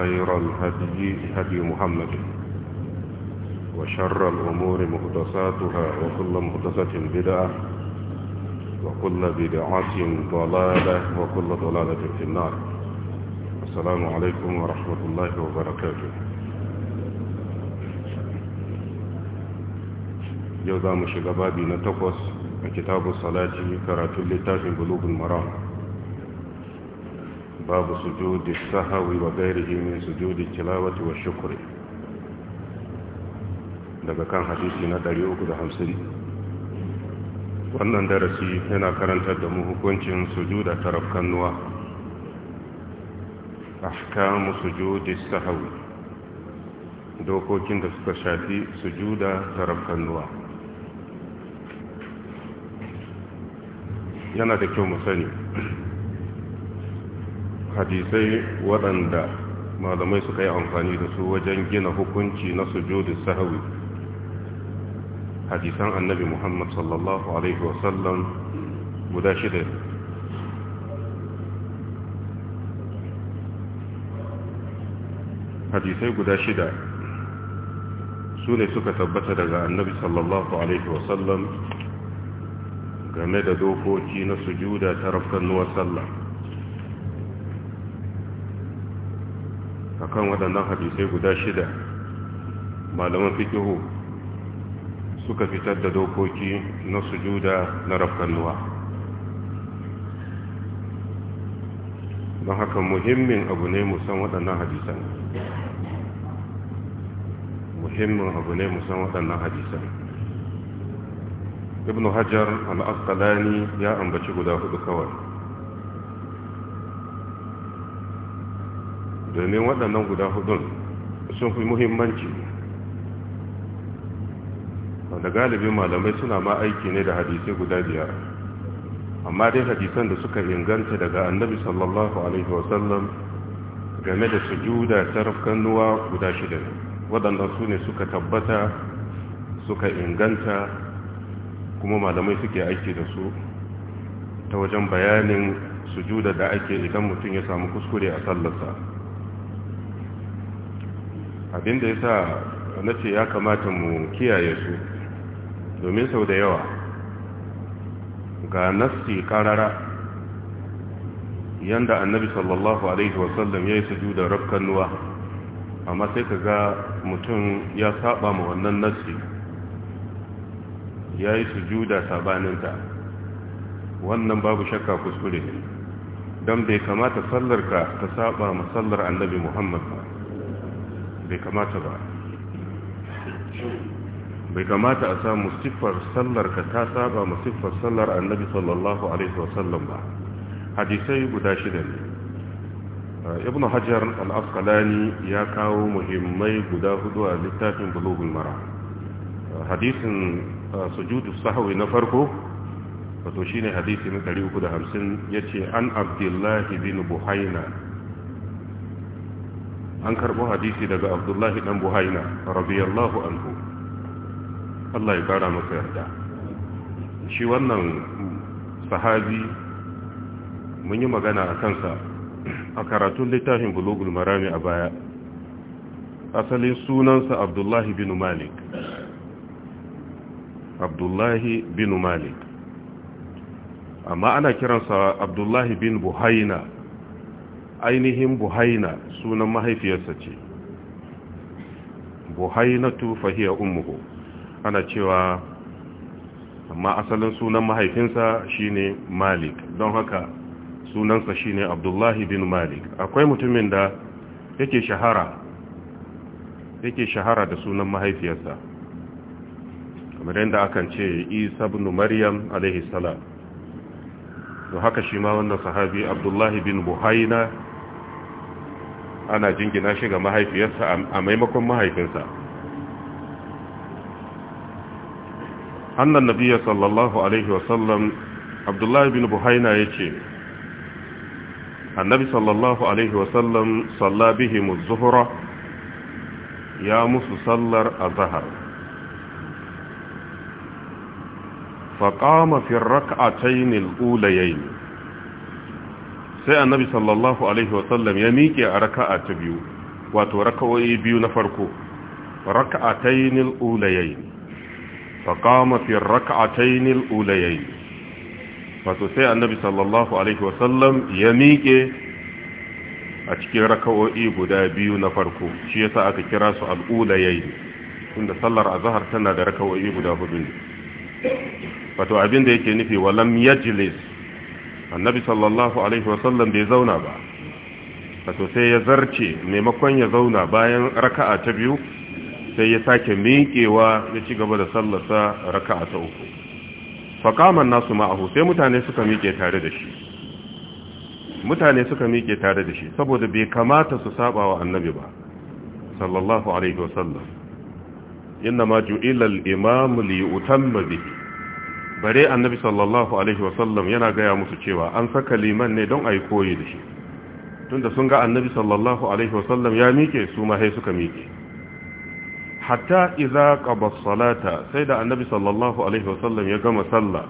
خير الهدي هدي محمد وشر الأمور مهدساتها وكل مهدسة بدعة وكل بدعة ضلالة وكل ضلالة في النار السلام عليكم ورحمة الله وبركاته يوضع مشغبابي نتقص كتاب الصلاة كرات اللتاج بلوغ المرام باب سجود السهو وغيره من سجود التلاوة والشكر daga kan hadisi na 350 wannan darasi yana karantar da mu hukuncin sujuda taraf kannuwa ahkamu sujudi sahwi dokokin da suka shafi sujuda taraf kannuwa yana da kyau mu sani hadisai waɗanda malamai suka yi amfani da su wajen gina hukunci na sujudu sahawi hadisan annabi muhammad sallallahu alaihi wasallam guda shida hadisai guda shida su ne suka tabbata daga annabi sallallahu alaihi wasallam game da dokoki na sujuda ta rafkan nuwar sallah akan waɗannan hadisai guda shida malaman fikihu suka fitar da dokoki na sujuda na nuwa. don haka muhimmin abu ne musan waɗannan hadisan muhimmin abu ne musan waɗannan hadisan ibn hajjar al'asqalani ya ambaci guda hudu kawai domin waɗannan guda hudun sun fi muhimmanci wanda galibin malamai suna ma aiki ne da hadisai guda biyar amma dai hadisan da suka inganta daga annabi sallallahu alaihi wasallam game da su ta rafkanuwa guda shida waɗanda su ne suka tabbata suka inganta kuma malamai suke aiki da su ta wajen bayanin sujuda da ake idan mutum ya samu kuskure a sallarsa abinda ya sa na ce ya kamata mu kiyaye su domin sau da yawa ga nassi karara yanda annabi sallallahu alaihi wasallam ya yi sujuda rabkan nuwa amma sai ka ga mutum ya saba ma wannan nassi ya yi su sujuda sabaninta wannan babu shakka kuskure don bai kamata sallarka ta saba ma sallar annabi muhammad ba bai kamata ba bai kamata a samu siffar sallar ka ta saba mu siffar sallar annabi sallallahu alaihi wasallam ba hadisai guda shida ne ah, ibn hajar al-asqalani ya kawo muhimmai guda hudu a littafin bulughul mara ah, hadisin ah, sujudu sahwi na farko wato shine hadisi na 350 yace an abdullahi bin buhaina an karɓo hadisi daga abdullahi ɗan buhaina radiyallahu anhu Allah ya ƙara masa yarda shi wannan sahabi mun yi magana a kansa a karatun littafin bulugul marami a baya asalin sunansa abdullahi bin malik abdullahi bin malik amma ana kiransa abdullahi bin buhaina ainihin buhaina sunan mahaifiyarsa ce buhainatu fahiyar ummuhu ana cewa amma asalin sunan mahaifinsa shine malik don haka sunansa shine abdullahi bin malik akwai mutumin da yake shahara yake shahara da sunan mahaifiyarsa kamar yadda akan ce isa bin maryam alaihi haka shi ma wannan sahabi abdullahi bin buhaina ana jingina shi ga mahaifiyarsa a maimakon mahaifinsa annan nabiya sallallahu alaihi wasallam abdullahi bin buhaina ya ce annabi sallallahu alaihi wasallam sallabihi muzuhura ya musu sallar a zahar faƙama fi a Tainil ulayayn sai annabi sallallahu alaihi wasallam ya miƙe a raka'a ta biyu wato raka'o'i biyu na farko raka'atayn al-ulayayn fa qama fi raka'atayn al-ulayayn wato sai annabi sallallahu alaihi wasallam ya miƙe a cikin raka'o'i guda biyu na farko shi yasa aka kira su al-ulayayn tunda sallar azhar tana da raka'o'i guda hudu wato abin da yake nufi walam yajlis annabi sallallahu alaihi wasallam bai zauna ba wato sai ya zarce maimakon ya zauna bayan raka'a ta biyu sai ya sake miƙewa ya ci gaba da sallarsa raka'a ta uku faƙaman nasu ma'ahu sai mutane suka miƙe tare da shi mutane suka miƙe tare da shi saboda bai kamata su saba wa annabi ba sallallahu alaihi wasallam inna ma ju'ila al-imamu li yutamma bihi bare annabi sallallahu alaihi wasallam yana gaya musu cewa an saka liman ne don a yi koyi da shi tunda sun ga annabi sallallahu alaihi wasallam ya mike su ma sai suka mike hatta idza qaba salata sai da annabi sallallahu alaihi wasallam ya gama sallah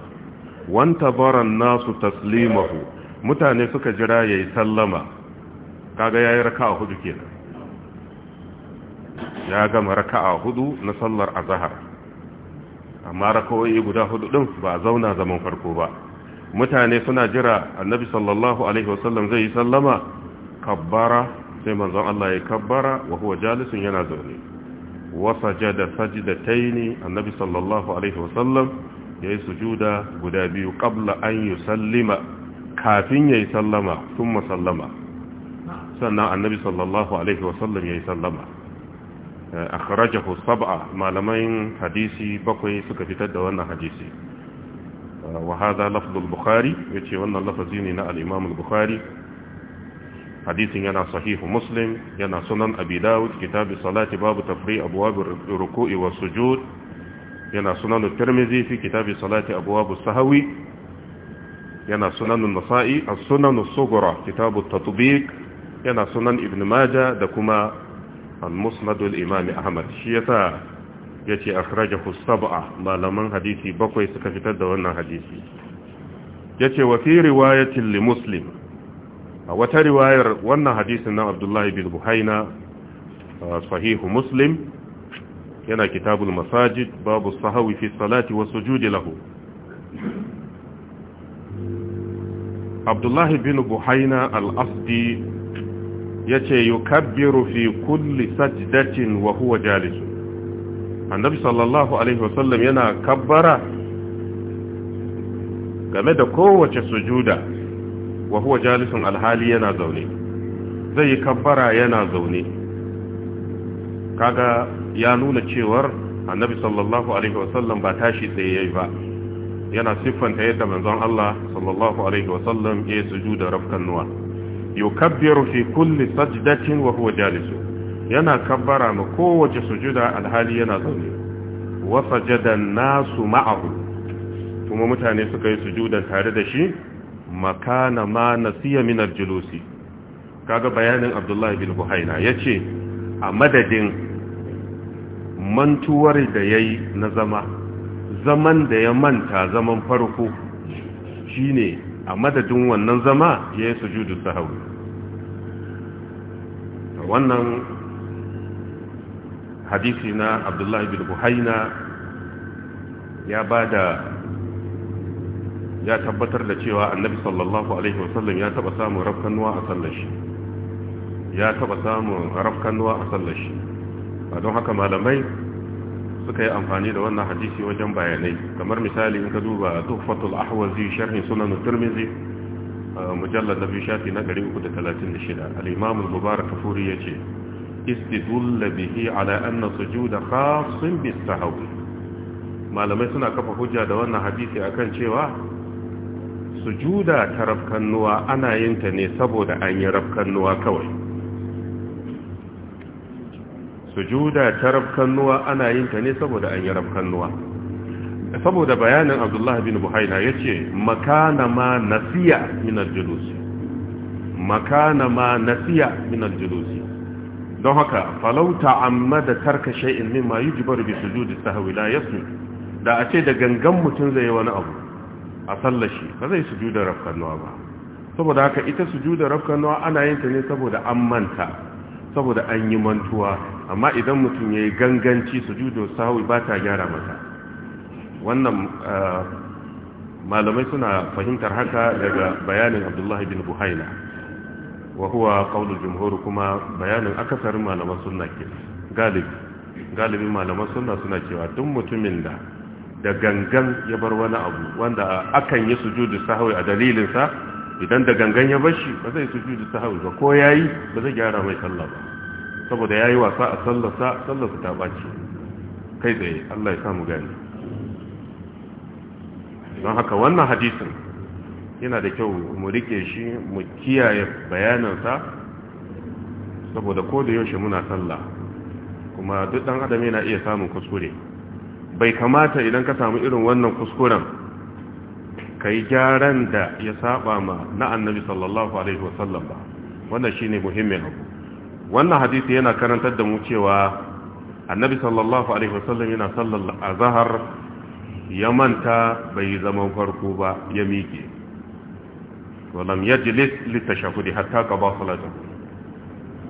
wanta baran nasu taslimahu mutane suka jira yayi sallama kaga yayi raka'a hudu kenan ya gama raka'a hudu na sallar azhar amma rakawoyi guda hudu ɗin ba a zauna zaman farko ba mutane suna jira annabi sallallahu alaihi wasallam zai yi sallama kabbara sai manzon Allah ya kabbara wa huwa jalisun yana zaune wa sajada sajdataini annabi sallallahu alaihi wasallam yayi sujuda guda biyu kabla an yi yusallima kafin ya yi sallama thumma sallama sannan annabi sallallahu alaihi wasallam yi sallama akhrajahu sab'a malaman hadisi bakwai suka fitar da wannan hadisi wa hadha lafz al-bukhari yace wannan lafazi ne na al-imam al-bukhari hadisin yana sahihu muslim yana sunan abi dawud kitab salati babu tafri abwab ar-ruku'i was sujud yana sunan at-tirmidhi fi kitab salati abwab as-sahwi yana sunan an-nasa'i as-sunan as-sughra kitab at-tatbiq yana sunan ibn majah da kuma al-musnadul imami ahmad shi yasa ya ce akhrajahu sab'a malaman hadisi bakwai suka fitar da wannan hadisi ya ce wa fi riwayatin muslim a wata riwayar wannan hadisin na abdullahi bin buhaina sahihu muslim yana kitabul masajid babu sahawi fi salati wa sujudi lahu abdullahi bin buhaina al-asdi ya ce yace yukabbiru fi kulli sajdatin wa huwa jalis annabi sallallahu alaihi wasallam yana kabbara game da kowace sujuda wa huwa jalisun alhali yana zaune zai yi kabbara yana zaune kaga ya nuna cewar annabi sallallahu alaihi wasallam ba tashi tsaye yayi ba yana siffanta yadda manzon Allah sallallahu alaihi wasallam ya sujuda rafkan nuwa yukabbiru fi kulli sajdatin wa huwa jalisu yana kabbara ma kowace sujuda alhali yana zaune wa sajada nasu ma'ahu kuma mutane suka yi sujuda tare da shi makana ma nasiya min aljulusi kaga bayanin Abdullahi bin Buhaina yace a madadin mantuwar da yayi na zama zaman da ya manta zaman farko shine a madadin wannan zama ya yi sujudu sahawi wannan hadisi na abdullahi bin ya ba da ya tabbatar da cewa annabi sallallahu alaihi wasallam ya taba samun rafkanuwa a sallar ya taba samun rafkanuwa a don haka malamai suka yi amfani da wannan hadisi wajen bayanai kamar misali in ka duba tuhfatul ahwazi sharhin sunan turmizi mujallar na biyu shafi na 336 al-imam al-mubarak kafuri yace istidulla bihi ala anna sujuda khasin bis sahwi malamai suna kafa hujja da wannan hadisi akan cewa sujuda ta rafkannuwa ana yin ta ne saboda an yi rafkannuwa kawai sujuda ta rabkannuwa ana yin ta ne saboda an yi rabkannuwa. saboda bayanin abdullah bin buhaina ya ce makana ma nasiya minar julusi makana ma nasiya minar julusi don haka falauta amma da tarka sha'in mimma yi jibar bi sujudi sahawi la yasmi da a ce da gangan mutum zai yi wani abu a sallashi ba zai sujuda rabkannuwa ba saboda haka ita sujuda rabkannuwa ana yin ta ne saboda an manta saboda an yi mantuwa amma idan mutum ya yi ganganci sujudu sahwi ba ta gyara masa wannan ah, malamai suna fahimtar haka daga bayanin abdullahi bin buhaina wa huwa qaulul kuma bayanin akasarin malaman suna ke galibi galibin malaman suna suna cewa duk mutumin da da gangan ya bar wani abu wanda akan yi sujudu sahwi a dalilinsa idan da gangan ya bar shi ba zai sujudu sahwi ba ko ya yi ba zai gyara mai sallah ba saboda ya yi wasa a sallarsa sallasa ta baci kai tsaye Allah ya sa mu gani don haka wannan hadisin yana da kyau mu rike shi mu kiyaye bayaninsa saboda ko da yaushe muna sallah kuma duk dan adam yana iya samun kuskure bai kamata idan ka samu irin wannan kuskuren ka yi gyaran da ya saba ma na annabi sallallahu alaihi wasallam ba wannan shi ne muhimmin abu wannan hadisi yana karantar da mu cewa annabi sallallahu alaihi wasallam yana sallar azhar ya manta bai zaman farko ba ya miƙe walam yajlis litashahudi hatta qada salatahu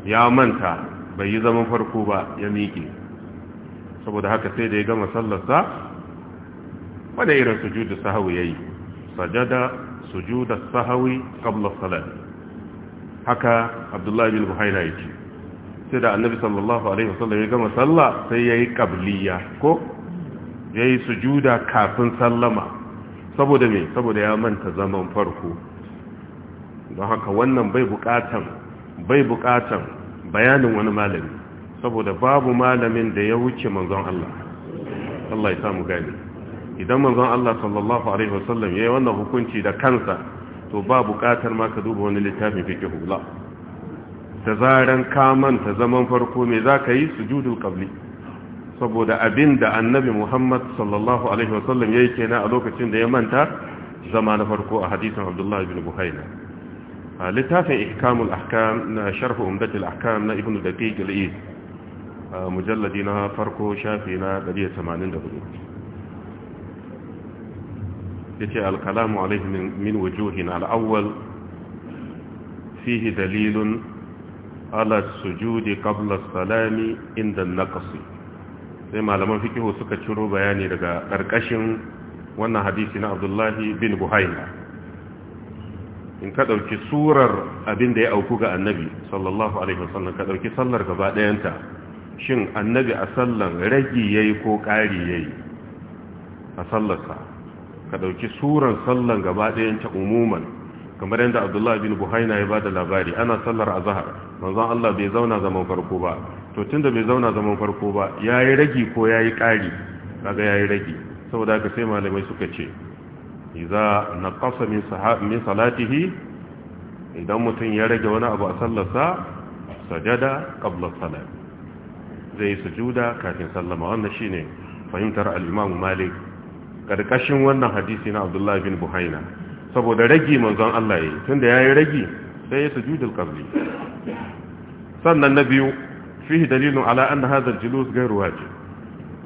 ya manta bai yi zaman farko ba ya miƙe saboda haka sai da ya gama sallarsa wanda irin sujudu sahawi yayi sajada sujud as-sahwi qabla as-salat haka abdullahi bin buhaina yake sai da annabi sallallahu alaihi wasallam ya gama sallah sai yayi qabliya ko yayi sujuda kafin sallama saboda me saboda ya manta zaman farko don haka wannan bai bukatan bai bukatan bayanin wani malami saboda babu malamin da ya wuce manzon Allah Allah ya samu gani idan manzon Allah sallallahu alaihi wasallam yayi wannan hukunci da kansa to ba bukatar ma ka duba wani littafin fiqh la da zaran ka manta zaman farko me za ka yi sujudul qabli saboda abin da annabi muhammad sallallahu alaihi wasallam ya yi kenan a lokacin da ya manta zama na farko a hadisin abdullahi bin buhaina a littafin ihkamul ahkam na sharhu umdatul ahkam na ibnu daqiq al-eid mujalladi na farko shafi na 184 يتي الكلام عليه من, من وجوه الأول فيه دليل ala sujudi qabla salami inda naqsi sai malaman fikihu suka ciro bayani daga karkashin wannan hadisi na Abdullahi bin Buhaina in ka dauki surar abin da ya auku ga annabi sallallahu alaihi wasallam ka dauki sallar gaba dayanta shin annabi a sallan ragi yayi ko kari yayi a sallarsa ka dauki suran sallan gaba dayanta umuman kamar yadda abdullahi bin buhaina ya bada labari ana sallar azhar manzon Allah bai zauna zaman farko ba to tunda bai zauna zaman farko ba yayi ragi ko yayi kari kaga yayi ragi saboda haka sai malamai suka ce na naqasa min salatihi idan mutum ya rage wani abu a sallarsa sajada qabla salat zai sujuda kafin sallama wannan shine fahimtar al Malik karkashin wannan hadisi na Abdullah bin Buhaina saboda ragi manzon Allah ya yi tunda ya yi ragi sai ya sujudul qabli sannan na biyu fihi dalilun ala anna hadha al-julus ghayru wajib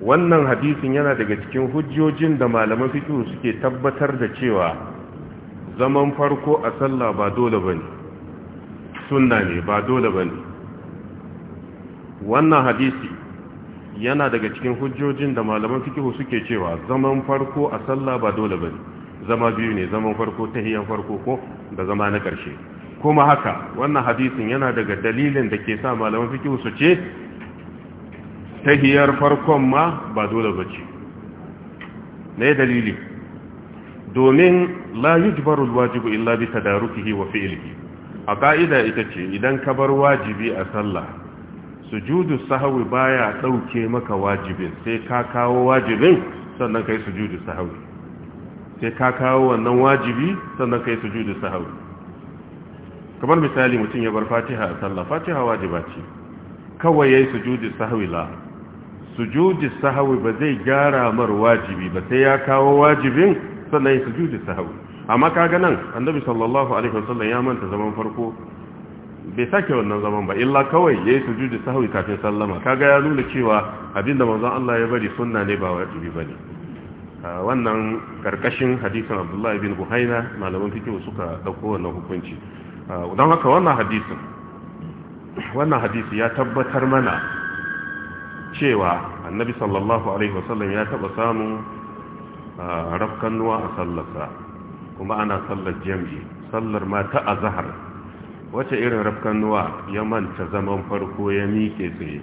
wannan hadisin yana daga cikin hujjojin da malaman fiqh suke tabbatar da cewa zaman farko a sallah ba dole bane sunna ne ba dole bane wannan hadisi yana daga cikin hujjojin da malaman fiqh suke cewa zaman farko a sallah ba dole bane zama biyu ne zaman farko hiyan farko ko da zama na ƙarshe kuma haka wannan hadisin yana daga dalilin da ke sa malaman fikihu su ce tahiyar farkon ma ba dole bace yi dalili domin la yujbaru wajibu illa bi ta darukihi wa fi'ilki. a ka'ida ita ce idan ka bar wajibi a sallah sujudu sahawi baya ɗauke maka wajibin sai ka kawo wajibin sannan kai sujudu sahawi sai ka kawo wannan wajibi sannan kai su hau kamar misali mutum ya bar fatiha a sallah fatiha wajiba ce kawai ya yi su hau ila su la su hau ba zai gyara mar wajibi ba sai ya kawo wajibin sannan su yayi su hau amma kaga nan annabi sallallahu alaihi wasallam ya manta zaman farko bai sake wannan zaman ba illa kawai ya yi su yayi su hau kafin sallama kaga ya nuna cewa abinda manzon Allah ya bari sunna ne ba wajibi bane wannan karkashin hadisin abdullahi bin buhaina malaman fikihu suka dauko wannan hukunci don haka wannan hadisin wannan hadisi ya tabbatar mana cewa annabi sallallahu alaihi wasallam ya taba samun rafkannuwa a sallarsa kuma ana sallar jam'i sallar mata a zahar Wacce irin rafkannuwa ya manta zaman farko ya miƙe tsaye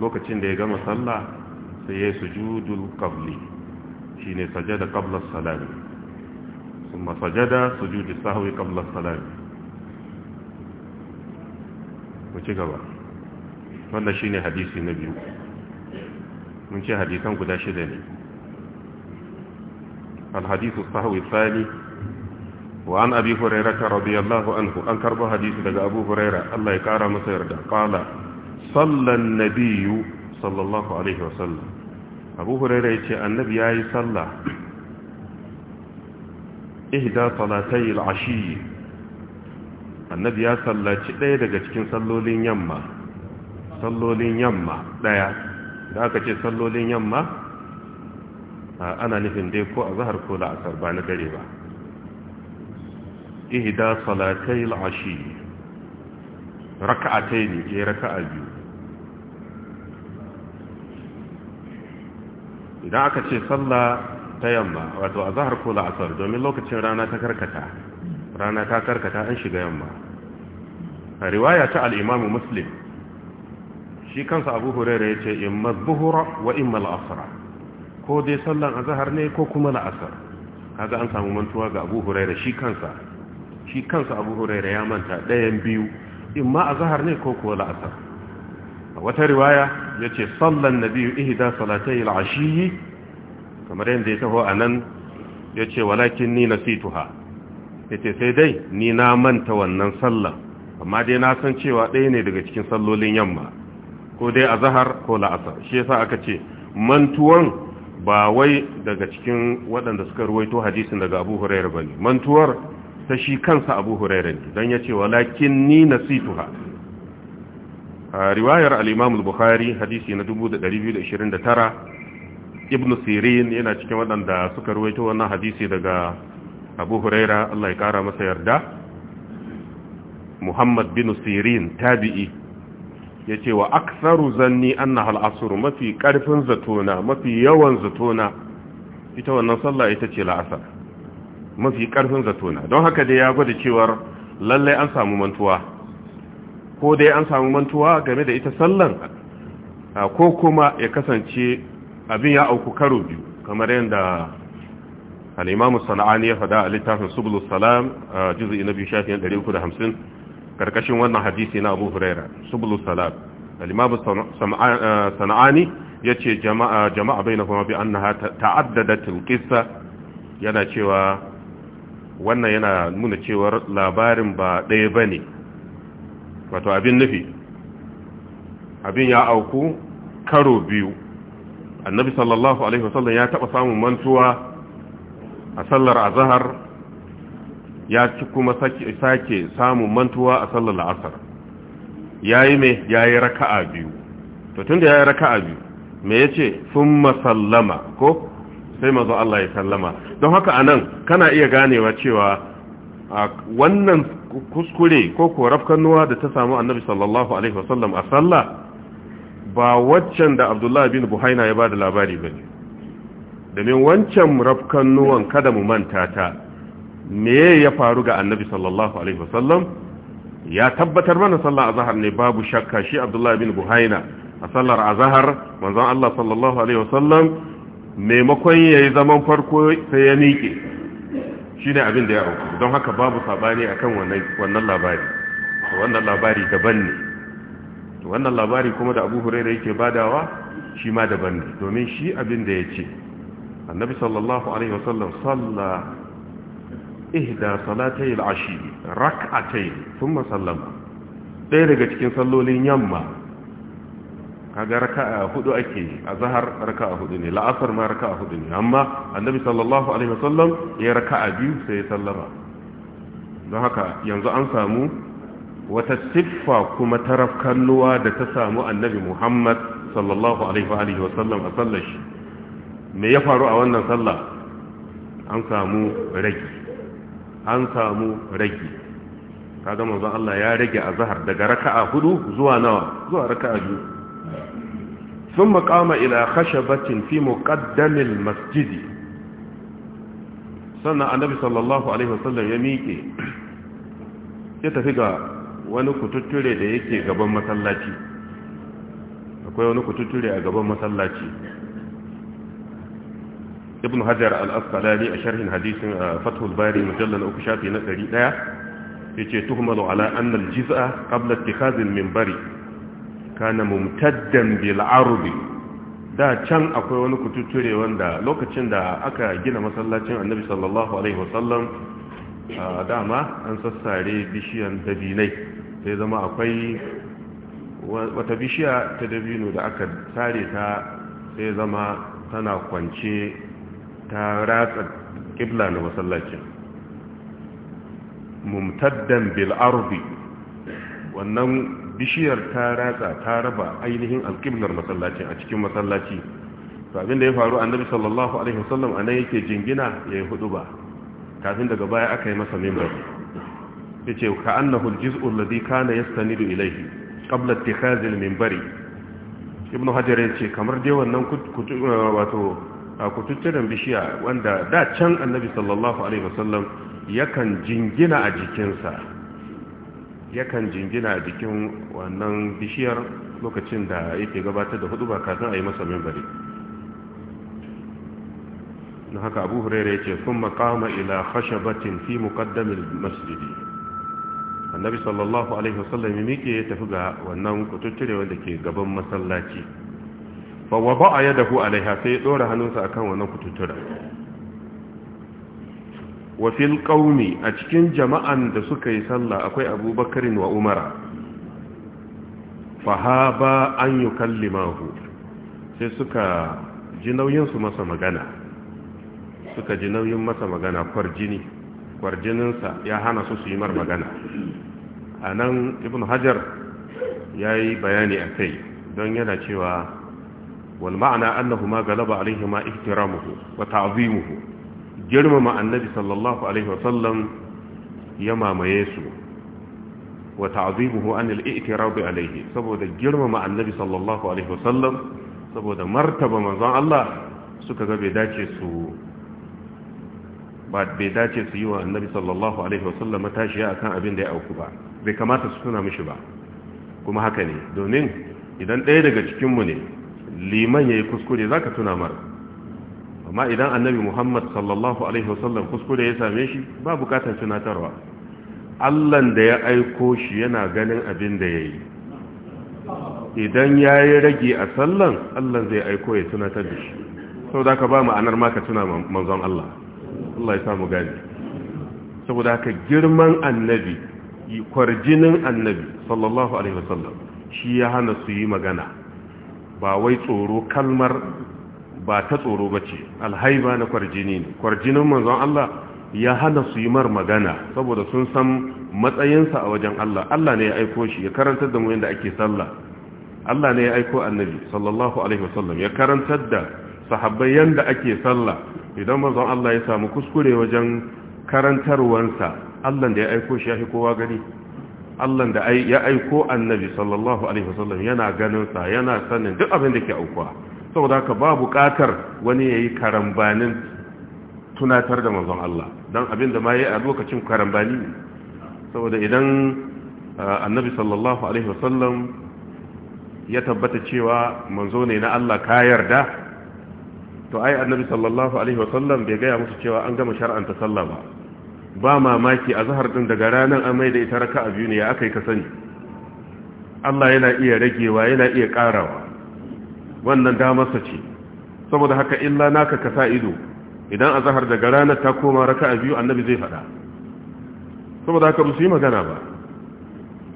lokacin da ya gama sallah sai ya sujudul qabli shine sajada qabla as-salam kuma sajada sujudi sahwi qabla as mu ci gaba wannan ne hadisi na biyu mun ce hadisan guda shida ne الحديث الصحوي الثاني وعن أبي an رضي الله عنه أنكر بحديث لك أبو هريرة الله يكارم سيرده قال صلى النبي صلى الله عليه وسلم abu huraira ya ce annabi ya yi sallah ihda salatai al'ashi annabi ya sallaci ɗaya daga cikin sallolin yamma sallolin yamma ɗaya da aka ce sallolin yamma ana nufin dai ko a zahar ko la'asar ba na dare ba ihda salatai al'ashi raka'a ta ne ke raka'a biyu idan aka ce sallah ta yamma wato a zahar ko la'asar domin lokacin rana ta karkata rana ta karkata an shiga yamma a riwaya ta al'imamu muslim shi kansa abu hurairu ya ce in mazbuhura wa in la'asara ko dai sallan a zahar ne ko kuma la'asar haka an samu mantuwa ga abu hurairu shi kansa shi kansa abu hurairu ya manta ɗayan biyu imma a zahar ne ko kuwa la'asar wata riwaya ya ce sallan na biyu ihida salatai al'ashiyi kamar yadda ya taho a nan ya ce walakin ni na situha ya ce sai dai ni na manta wannan sallan amma dai na san cewa ɗaya ne daga cikin sallolin yamma ko dai a zahar ko la'asa shi ya sa aka ce mantuwan ba wai daga cikin waɗanda suka ruwaito hadisin daga abu hurairu ba ne mantuwar ta shi kansa abu hurairu ne don ya ce walakin ni na situha riwayar al-imam al-bukhari hadisi na 2229 ibn sirin yana cikin waɗanda suka ruwaito wannan hadisi daga abu huraira Allah ya kara masa yarda muhammad bin sirin tabi'i ya ce wa aksaru zanni an na hal’asur mafi karfin zatona mafi yawan zatona ita wannan sallah ita ce la'asar mafi karfin zatona don haka dai ya gwada cewar lallai an samu mantuwa ko dai an samu mantuwa game da ita sallan ko kuma ya kasance abin ya auku karo biyu kamar yadda al'imamu sana'ani ya faɗa a littafin subulus salam a juzi na biyu shafiyan 350 Ƙarƙashin wannan hadisi na abu huraira subulus salam al'imamu sana'ani ya ce jama'a bai na kuma bi an na ta'addada tilkisa yana cewa wannan yana nuna cewar labarin ba ɗaya ba ne wato abin nufi abin ya auku karo biyu annabi sallallahu alaihi wasallam ya taba samun mantuwa a sallar azhar ya ci kuma sake samun mantuwa a sallar la'asar yayi me yayi raka'a biyu to tunda yayi raka'a biyu me yace thumma sallama ko sai mazo Allah ya sallama don haka anan kana iya ganewa cewa wannan kuskure ko nuwa da ta samu annabi sallallahu alaihi wasallam a sallah ba waccan da abdullahi bin buhaina ya ba da labari ba ne domin wancan nuwan kada mu manta ta me ya faru ga annabi sallallahu alaihi wasallam ya tabbatar mana sallar azahar ne babu shakka shi abdullahi bin buhaina a sallar azahar manzon Allah sallallahu alaihi wasallam maimakon yayi zaman farko sai ya miƙe Shi ne abin da ya auku don haka babu sabani akan wannan wannan labari wannan labari daban ne wannan labari kuma da Abu yake badawa shi ma daban ne domin shi abin da ya ce. Annabi sallallahu alaihi wasallam salla ihda salatai al-ashi rak'atayn sun ɗaya daga cikin sallolin yamma kaga raka'a hudu ake yi a zahar raka'a hudu ne la'asar ma raka'a hudu ne amma annabi sallallahu alaihi wasallam ya raka'a biyu sai ya sallama don haka yanzu an samu wata siffa kuma tarafkannuwa da ta samu annabi muhammad sallallahu alaihi wasallam a sallar shi me ya faru a wannan sallah an samu ragi an samu ragi ka kaga manzon Allah ya rage a zahar daga raka'a hudu zuwa nawa zuwa raka'a biyu sun makama ila khashabatin fi muqaddamil masjidi sannan annabi sallallahu alaihi wasallam ya miƙe ya tafi ga wani kututture da yake gaban masallaci akwai wani kututture a gaban masallaci ibn hajar al-asqalani a sharhin hadisin uh, fathul bari mujallal uku shafi na ɗaya, yace tuhmalu ala anna al-jiz'a qabla tikazin al-minbari kana mumtaddan bil ardi da can akwai wani kututture wanda lokacin da aka gina masallacin annabi sallallahu alaihi wasallam dama an sassare bishiyan dabinai sai zama akwai wata bishiya ta dabino da aka sare ta sai zama tana kwance ta ratsa kibla na masallacin mumtaddan bil ardi wannan bishiyar ta ratsa ta raba ainihin alƙiblar masallaci a cikin masallaci to abin da ya faru annabi sallallahu alaihi wasallam anan yake jingina yayi hudu ba kafin daga baya aka yi masa mimbar yace ka annahu aljiz'u alladhi kana yastanidu ilayhi qabla ittikhaz alminbari ibnu hajar yace kamar dai wannan wato kututturen bishiya wanda da can annabi sallallahu alaihi wasallam yakan jingina a jikinsa yakan jingina a jikin wannan bishiyar lokacin da yake gabatar da hudu ba kafin a yi masa mimbari na haka abu hurere ya ce sun makama ila khashabatin fi muqaddamin masjidi annabi sallallahu alaihi wasallam ya mike ya tafi ga wannan kututture wanda ke gaban masallaci fa ya yadahu alaiha sai ya dora hannunsa akan wannan kututtura wa fil a cikin jama'an da suka yi sallah akwai abubakar wa umara fahaba an yukallimahu sai suka ji nauyin masa magana suka ji nauyin masa magana kwarjini kwarjininsa ya hana su su yi mar magana a nan ibn hajar ya yi bayani a kai don yana cewa wal ma'ana annahu ma galaba ma ihtiramuhu wa ta'zimuhu girmama annabi sallallahu alaihi wasallam ya mamaye su wa ta'zimuhu an al-i'tirab alaihi saboda girmama annabi sallallahu alaihi wasallam saboda martaba manzon Allah suka ga bai dace su ba bai dace su yi wa annabi sallallahu alaihi wasallam matashiya akan abin da ya auku ba bai kamata su tuna mishi ba kuma haka ne domin idan ɗaya daga cikinmu ne liman ya yi kuskure za ka tuna mara amma idan annabi muhammad sallallahu alaihi wasallam kuskure ya same shi ba bukatar tunatarwa allan da ya aiko shi yana ganin abin da ya yi idan ya yi rage a sallan allan zai aiko ya tunatar da shi sau da ka ba ma'anar maka tuna manzon allah allah ya samu gani saboda haka girman annabi kwarjinin annabi sallallahu alaihi wasallam shi ya hana su yi magana ba wai tsoro kalmar ba ta tsoro ba ce alhaiba na kwarjini ne kwarjinin manzon Allah ya hana su yi mar magana saboda sun san matsayinsa a wajen Allah Allah ne ya aiko shi ya karantar da mu yadda ake sallah Allah ne ya aiko annabi sallallahu alaihi wasallam ya karantar da sahabbai yadda ake sallah idan manzon Allah ya samu kuskure wajen karantarwansa Allah da ya aiko shi ya fi kowa gani Allah da ya aiko annabi sallallahu alaihi wasallam yana ganin sa yana sanin duk abin da ke aukuwa saboda ka ba buƙatar wani ya yi karambanin tunatar da mazan Allah don abin da ma yi a lokacin karambani saboda idan annabi sallallahu alaihi wasallam ya tabbata cewa manzo ne na Allah ka yarda to ai annabi sallallahu alaihi wasallam bai gaya musu cewa an gama shar'anta sallah ba ba mamaki a zahar din daga ranar amai da ita a biyu ne ya aka yi ka sani Allah yana iya ragewa yana iya ƙarawa. wannan damarsa ce saboda haka illa naka ka sa ido idan a zahar daga ranar ta koma raka a biyu annabi zai faɗa saboda haka ba su yi magana ba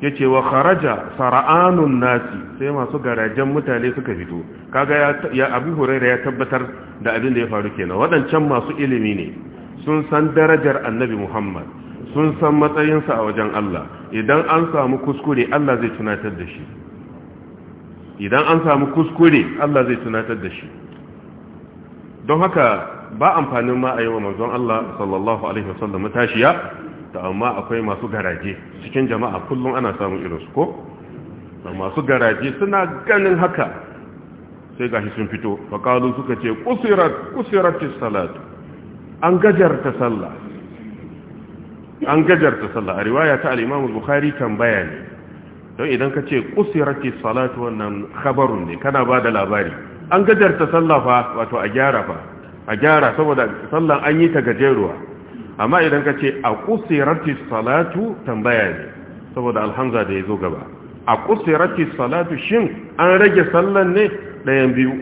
ya ce wa kharaja sara'anun nasi sai masu garajen mutane suka fito kaga ya abu huraira ya tabbatar da abin da ya faru kenan waɗancan masu ilimi ne sun san darajar annabi muhammad sun san matsayinsa a wajen allah idan an samu kuskure allah zai tunatar da shi idan an samu kuskure Allah zai tunatar da shi don haka ba amfanin ma a yi wa manzon Allah sallallahu alaihi wasallam tashiya da amma akwai masu garaje cikin jama'a kullum ana samun irinsu ko masu garaje suna ganin haka sai gashi sun fito faƙalu suka ce kusirat salatu an gajarta sallah an ta sallah a riwaya ta al-Imam Bukhari tambaya ne don idan ka ce kusurati salatu wannan khabarun ne kana ba da labari an gajarta sallah fa wato a gyara fa a gyara saboda sallan an yi ta gajeruwa amma idan ka ce a kusurati salatu tambaya ne saboda alhamza da ya zo gaba a kusurati salatu shin an rage sallan ne ɗayan biyu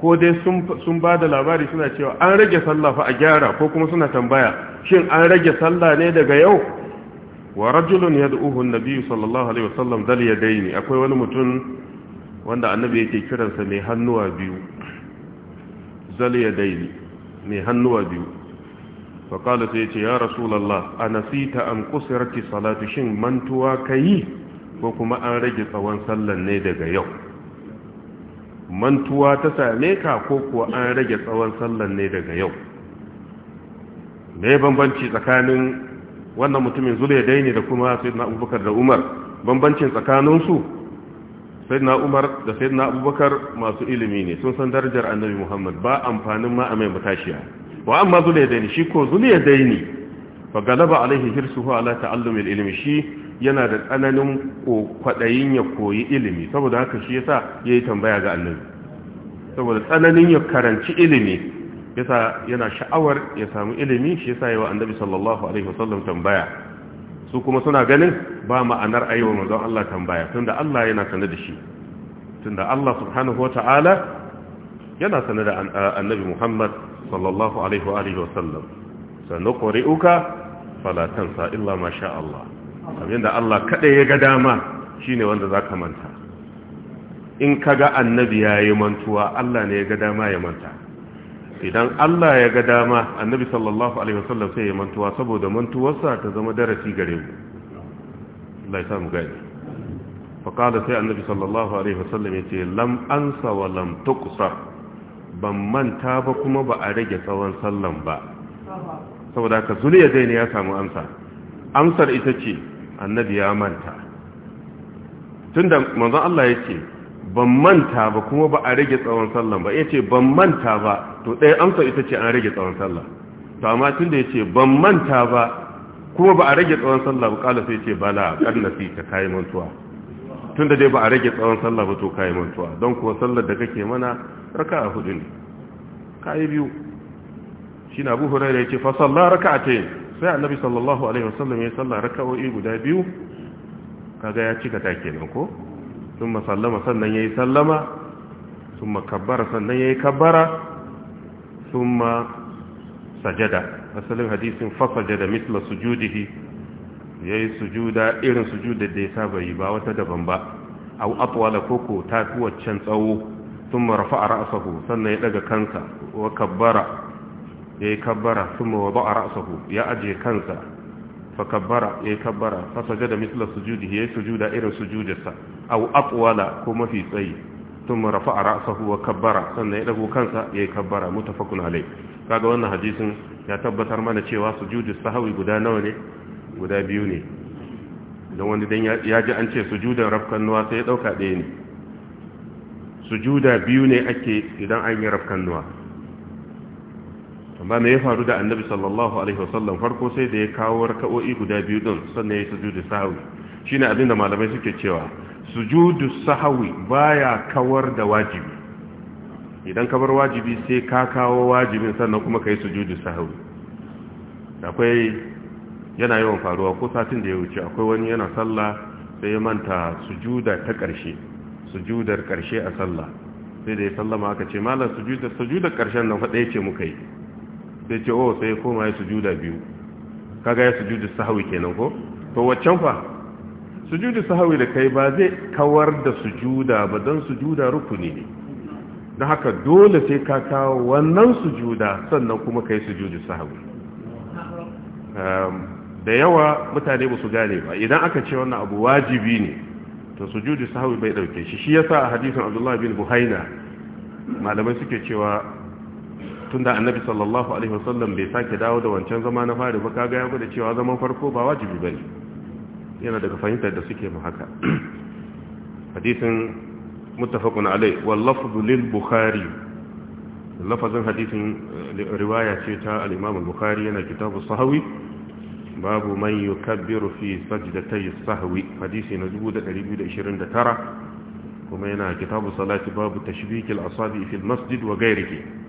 ko dai sun ba da labari suna cewa an rage sallafa a gyara ko kuma suna tambaya shin an rage sallah ne daga yau wa rajulun yad'uhu an-nabi sallallahu alaihi wasallam dal yadayni akwai wani mutum wanda annabi yake kiransa mai hannuwa biyu zal yadayni mai hannuwa biyu fa qala sai yace ya rasulullah anasita an qusirati salatu shin mantuwa kai ko kuma an rage tsawon sallan ne daga yau mantuwa ta same ka ko kuwa an rage tsawon sallan ne daga yau me bambanci tsakanin wannan mutumin zulai ne da kuma sayyidina abubakar da umar bambancin tsakaninsu sayyidina umar da sayyidina abubakar masu ilimi ne sun san darajar annabi muhammad ba amfanin ma a mai matashiya wa amma zulai daini shi ko zulai daini fa galaba alaihi hirsuhu ala allumin ilmi shi yana da tsananin kwaɗayin ya koyi ilimi saboda haka shi yasa yi tambaya ga annabi saboda tsananin ya karanci ilimi yasa yana sha'awar ya samu ilimi shi yasa yawa annabi sallallahu alaihi wasallam tambaya su kuma suna ganin ba ma'anar aiwa manzon Allah tambaya tunda Allah yana sanar da shi tunda Allah subhanahu wata'ala yana sanar da annabi Muhammad sallallahu alaihi wa alihi wasallam sanuqri'uka fala tansa illa ma sha Allah kamar da Allah kada ya ga dama shine wanda zaka manta in kaga annabi yayi mantuwa Allah ne ya ga dama ya manta idan Allah ya ga dama annabi sallallahu alaihi wasallam sai ya mantuwa saboda mantuwarsa ta zama darasi gare mu Allah ya samu gani fa kada sai annabi sallallahu alaihi wasallam ya ce lam ansa wa lam tuqsa ban manta ba kuma ba a rage tsawon sallan ba saboda ka zuliya dai ne ya samu amsa amsar ita ce annabi ya manta tunda manzon Allah ya ce ban manta ba kuma ba a rage tsawon sallah ba yace ban manta ba to ɗaya amsa ita ce an rage tsawon sallah to amma tunda yace ban manta ba kuma ba a rage tsawon sallah ba kala sai yace bala kan nasi ka kai mantuwa tunda dai ba a rage tsawon sallah ba to kai mantuwa don kuwa sallar da kake mana raka'a hudu ne kai biyu shine Abu Hurairah yace fa salla raka'atayn sai Annabi sallallahu alaihi wasallam ya salla raka'o'i guda biyu kaga ya cika take nan ko sun masallama sannan ya yi sallama sun makabbara sannan ya yi kabbara sun ma sajada asalin hadisin fasajada mitla sujudihi ya yi sujuda irin sujuda da ya saba yi ba wata daban ba au atwala koko ta fi waccan tsawo sun ma rafa a ra'asahu sannan ya daga kansa wa kabbara ya yi kabbara sun ma wa ba a ra'asahu ya ajiye kansa fa kabbara ya kabbara fa sajada misla sujudi ya yi sujuda irin sujudarsa aw aqwala ko mafi tsayi tun thumma a ra'sahu wa kabbara sannan ya dago kansa ya yi kabbara mutafakun alai kaga wannan hadisin ya tabbatar mana cewa sujudu sahawi guda nawa ne guda biyu ne don wani dan ya ji an ce sujudan rafkan nuwa sai ya ɗauka ɗaya ne sujuda biyu ne ake idan an yi rafkan nuwa amma me ya faru da annabi sallallahu alaihi wasallam farko sai da ya kawo raka'o'i guda biyu din sannan ya yi sujudu sahawi shine abinda malamai suke cewa sujudu sahawi baya kawar da wajibi idan ka bar wajibi sai ka kawo wajibin sannan kuma kai sujudu sahawi akwai yana yawan faruwa ko satin da ya wuce akwai wani yana sallah sai ya manta sujuda ta ƙarshe sujudar ƙarshe a sallah sai da ya sallama aka ce malam sujudar sujudar ƙarshen nan fa ɗaya ce muka yi sai ce oh sai koma ya sujuda biyu kaga ya sujudu sahwi kenan ko to waccan fa sujudu sahwi da kai ba zai kawar da sujuda ba dan sujuda rukuni ne don haka dole sai ka kawo wannan sujuda sannan kuma kai sujudu sahwi ehm, da yawa mutane ba su gane ba idan aka ce wannan abu wajibi ne to sujudu sahwi bai dauke shi shi yasa a hadisin Abdullah bin Buhaina malamai suke cewa tunda annabi sallallahu alaihi wasallam bai sake dawo da wancan zama na fari ba kaga ya da cewa zaman farko ba wajibi bane yana daga fahimtar da suke mu haka hadisin muttafaqun alai wal lafzu lil bukhari lafazin hadisin eh, riwaya ce ta al-imam bukhari yana kitabu sahwi babu man yukabbiru fi sajdatay sahwi hadisi na 2229 kuma yana kitabu salati babu tashbik al-asabi fi al-masjid wa ghayrihi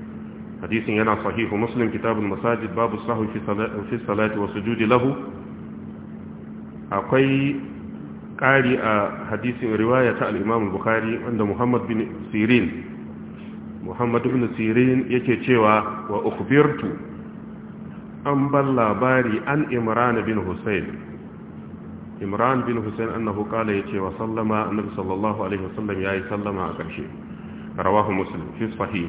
hadisin yana sahihu muslim kitabun masajid babu sahu fi salati wasu sujudi lahu akwai ƙari a hadisin riwaya ta al bukari wanda Muhammad bin Sirin Muhammad bin Sirin yake cewa wa ukhbirtu an ban labari an Imran bin Husayn Imran bin Husayn annahu ya ce wa sallama annabi sallallahu alaihi wasallam yayi sallama a ƙarshe rawahu Muslim fi sahih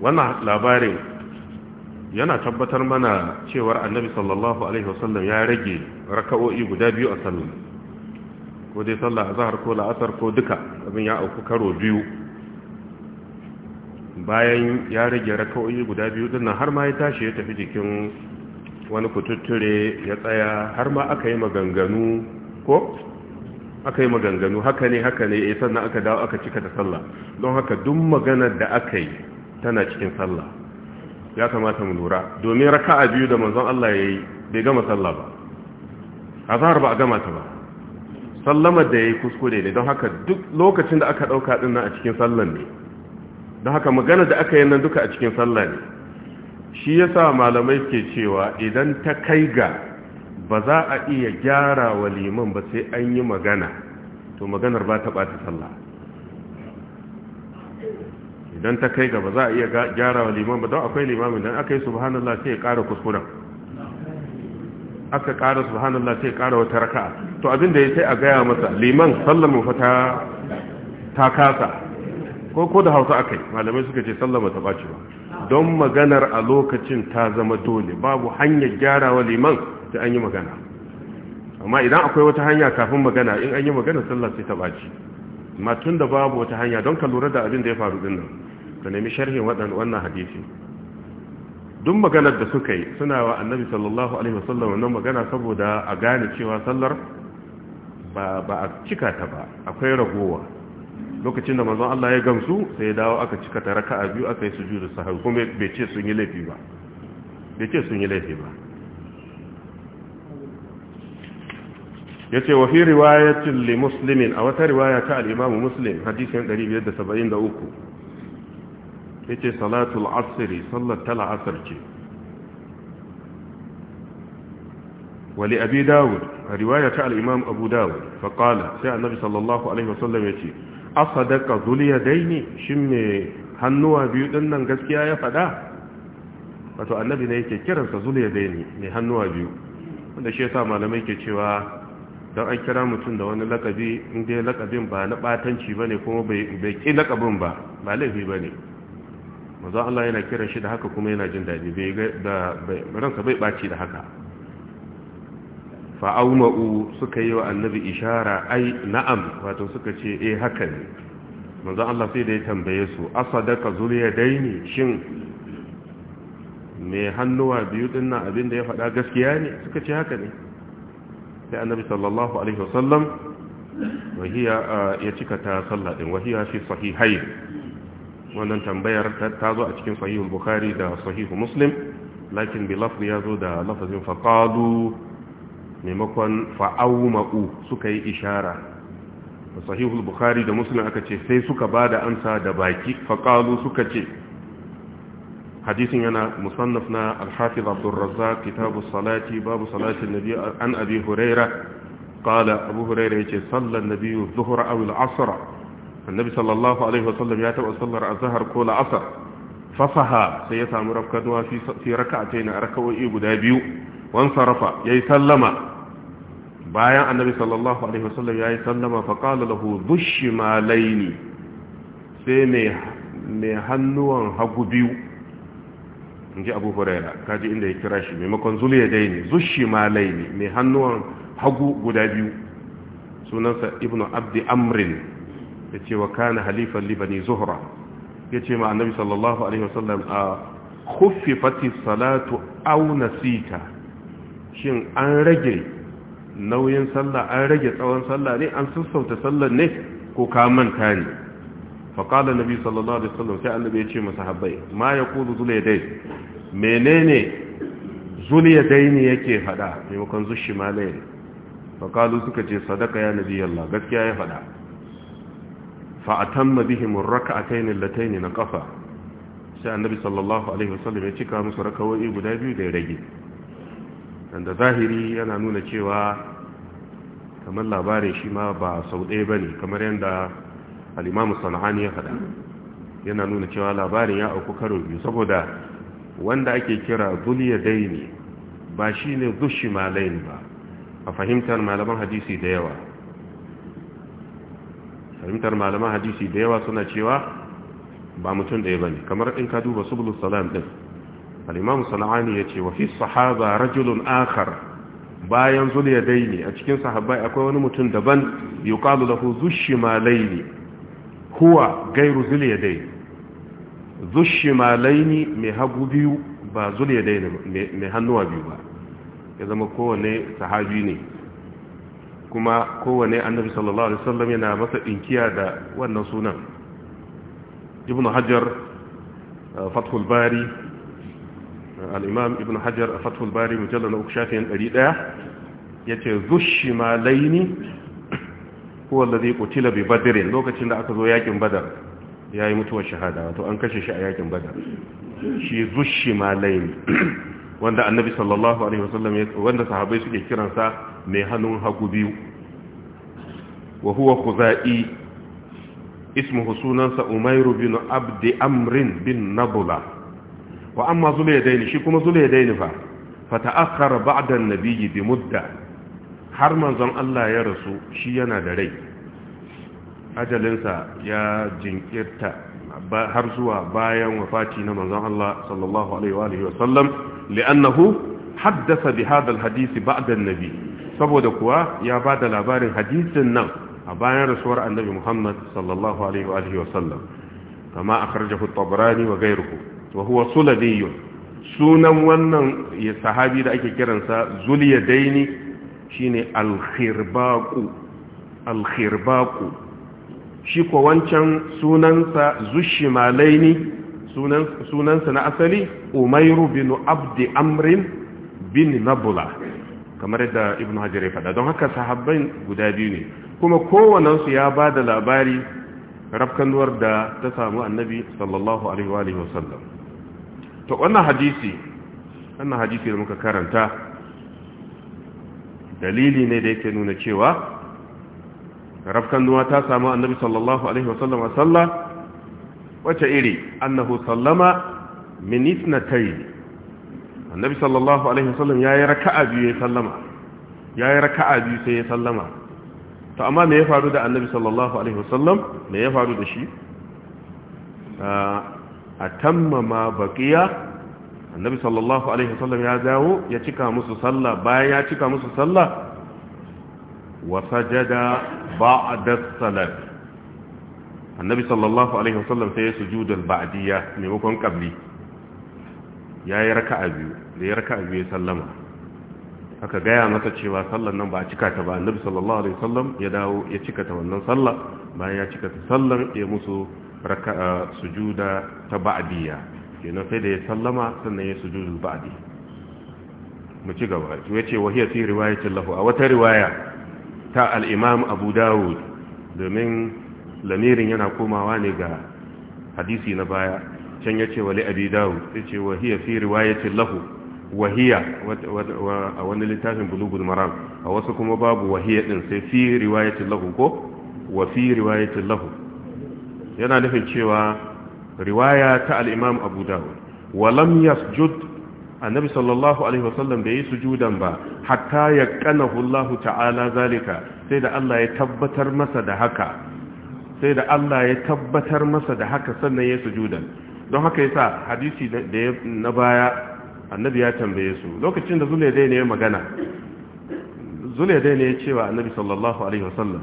wannan labarin yana tabbatar mana cewar annabi sallallahu alaihi wasallam ya rage raka'o'i guda biyu a sami ko dai sallah a zahar ko la'asar ko duka abin ya auku karo biyu bayan ya rage raka'o'i guda biyu dinnan har ma ya tashi ya tafi jikin wani kututture ya tsaya har ma aka yi maganganu ko aka yi maganganu haka ne haka ne eh sannan aka dawo aka cika da sallah don haka duk maganar da aka yi tana cikin sallah ya kamata mu lura domin raka'a biyu da manzon Allah yayi bai gama sallah ba azhar ba a gama ta ba sallama da yayi kuskure ne don haka duk lokacin da aka dauka din nan a cikin sallan ne don haka magana da aka yi nan duka a cikin sallah ne shi yasa malamai ke cewa idan ta kai ga ba za a iya gyara wa liman ba sai an yi magana to maganar ba ta ɓata sallah idan ta kai gaba za a iya gyara wa liman ba don akwai limamin don aka yi subhanallah sai ya ƙara kuskuren aka ƙara subhanallah sai ya ƙara wata raka'a to abin da ya sai a gaya masa liman sallama fa ta kasa ko ko da hausa aka yi malamai suka ce sallama ta ɓaci ba don maganar a lokacin ta zama dole babu hanyar gyara wa liman sai an yi magana amma idan akwai wata hanya kafin magana in an yi magana sallah sai ta ɓaci tun da babu wata hanya don ka lura da abin da ya faru din nan ka nemi sharhin wannan hadisi duk maganar da suka yi suna wa annabi sallallahu alaihi wasallam wannan magana saboda a gane cewa sallar ba a cika ta ba akwai ragowa lokacin da manzon Allah ya gamsu sai ya dawo aka cika ta raka'a biyu aka yi sujudu sahwi kuma bai ce sun yi laifi ba bai ce sun yi laifi ba yace wa fi riwayatin li muslimin a wata riwaya ta al imamu Muslim hadisin 573 yace salatul asiri sallar tala asr ce wali abi dawud riwaya ta al abu dawud fa sai annabi sallallahu alaihi wasallam yace asadaka zuliyadaini shin me hannuwa biyu din nan gaskiya ya faɗa wato annabi ne yake kiransa zuliyadaini mai hannuwa biyu wanda shi yasa malamai ke cewa don an kira mutum da wani lakabi inda ya lakabin ba na batanci ba ne kuma bai ƙi lakabin ba ba laifi ba ne manzo Allah yana kira shi da haka kuma yana jin daɗi bai da ransa bai baci da haka fa suka yi wa annabi ishara ai na'am wato suka ce eh haka ne manzo Allah sai da ya tambaye su asadaka ne shin me hannuwa biyu din abinda abin da ya faɗa gaskiya ne suka ce haka ne sai annabi sallallahu alaihi wasallam wahiya ah, ya cika ta sallah din wahiya fi sahihain wannan tambayar ta zo a cikin sahihun bukhari da sahihu muslim lakin bi ya zo da lafazin faqalu maimakon fa'auma'u suka yi ishara da sahihul bukhari da muslim aka ce sai suka ba da amsa da baki faqalu suka ce hadisin yana musannaf na alhafiz hafiz kitabu salati babu salatin nabi an abi huraira qala abu huraira yace sallan nabiyyu dhuhra aw al-asra annabi sallallahu alaihi wasallam ya taba sallar azhar ko la'asar fasaha sai ya samu rafkanuwa fi raka'atayn raka'o'i guda biyu wan sarafa yayi sallama bayan annabi sallallahu alaihi wasallam yayi sallama fa qala lahu dhush malaini sai mai mai hannuwan hagu biyu inji abu huraira kaji inda ya kira shi maimakon zuliya dai ne zushi malaini mai hannuwan hagu guda biyu sunansa ibnu abdi amrin ya ce wa kana halifan libani zuhra ya ce ma annabi sallallahu alaihi wasallam a khuffifati salatu auna nasita shin an rage nauyin sallah an rage tsawon sallah ne an sassauta sallar ne ko ka manta ne fa qala nabi sallallahu alaihi wasallam sai annabi ya ce masa habbai ma yaqulu zulayday menene zule zuliyadaini yake faɗa? maimakon zushimalaini fa qalu suka ce sadaka ya nabi Allah gaskiya ya faɗa. raka a kai rak'atayn na kafa sai annabi sallallahu alaihi wasallam ya cika musu rakawai guda biyu da ya rage wanda zahiri yana nuna cewa kamar labarin shi ma ba sau ɗaya ne kamar yadda al sana'ani ya faɗa yana nuna cewa labarin ya auku karo biyu saboda wanda ake kira zuliya daini ba shine zushi malain ba a fahimtar malaman hadisi da yawa fahimtar malaman hadisi da yawa suna cewa ba mutum ɗaya bane kamar in ka duba subul salam din al'imamu imam ya ce wa fi sahaba rajulun akar bayan ya daini a cikin sahabai akwai wani mutum daban zushi ma laini huwa gairu zushi ma laini mai hagu biyu ba ya daini mai hannuwa biyu ba ya zama kowane sahabi ne kuma kowane annabi sallallahu alaihi wasallam yana masa dinkiya da wannan sunan ibn hajar uh, fathul bari uh, al-imam ibn hajar uh, fathul bari mujallal uku shafin 100 yace zushimalaini huwa alladhi qutila bi badr lokacin da aka zo yakin badar yayi mutuwar shahada wato an kashe shi a yakin badar shi zushi ma laini. wanda annabi sallallahu alaihi wasallam wanda sahabbai suke kiransa mai hannun hagu biyu wa huwa khuzai ismuhu sunansa umairu bin abdi amrin bin nabula wa amma zulaydaini shi kuma zulaydaini fa fata'akhkhara ba'da an-nabiyyi bi mudda har manzon Allah ya rasu shi yana da rai ajalinsa ya jinkirta har zuwa bayan wafati na manzon Allah sallallahu alaihi wa sallam li'annahu haddasa bi hadal hadisi ba'dan nabi saboda kuwa ya ba da labarin hadisin nan a bayan rasuwar annabi Muhammad sallallahu alaihi wa wa sallam kama akhrajahu at-Tabrani wa ghayruhu wa huwa sulabi sunan wannan sahabi da ake kiransa zuliyadaini shine al-khirbaqu al-khirbaqu shi ko wancan sunansa zushimalaini sunansa na asali umairu bin abdi amrin bin nabula kamar da ibn hajar ya faɗa don haka sahabban guda biyu ne kuma kowannensu ya ba da labari rafkanuwar da ta samu annabi sallallahu alaihi wa sallam to wannan hadisi wannan hadisi da muka karanta dalili ne da yake nuna cewa rafkanuwa ta samu annabi sallallahu alaihi wa sallam a sallah wace iri annahu sallama na ithnatayn annabi sallallahu alaihi wasallam yayi raka'a biyu ya sallama yayi raka'a biyu sai ya sallama to amma me ya faru da annabi sallallahu alaihi wasallam me ya faru da shi a tammama baqiya annabi sallallahu alaihi wasallam ya dawo ya cika musu sallah bayan ya cika musu sallah wa sajada ba'da salat annabi sallallahu alaihi wasallam sai ya sujudul ba'diyya maimakon qabli yayi raka'a biyu da ya raka'a biyu sallama aka gaya masa cewa sallan nan ba a cika ta ba annabi sallallahu alaihi wasallam ya dawo ya cika ta wannan sallah bayan ya cika ta sallar ya musu raka'a sujuda ta ba'diyya kenan sai da ya sallama sannan ya sujudul ba'di mu ci gaba to yace wahiya fi riwayatin lahu a wata riwaya ta al-imam Abu Dawud domin lamirin yana komawa ne ga hadisi na baya can ya ce wali abi dawud ya ce wa hiya fi riwayatin lahu wa hiya a wani littafin bulugul maram a wasu kuma babu wa hiya din sai fi riwayatin lahu ko wa fi riwayatin lahu yana nufin cewa riwaya ta Alimam imam abu dawud wa yasjud annabi sallallahu alaihi wasallam bai yi sujudan ba hatta ya yaqanahu Allah ta'ala zalika sai da Allah ya tabbatar masa da haka sai da Allah ya tabbatar masa da haka sannan ya sujuda don haka yasa hadisi da na baya annabi ya tambaye su lokacin da dai ne ya magana dai ne ya ce wa annabi sallallahu alaihi wasallam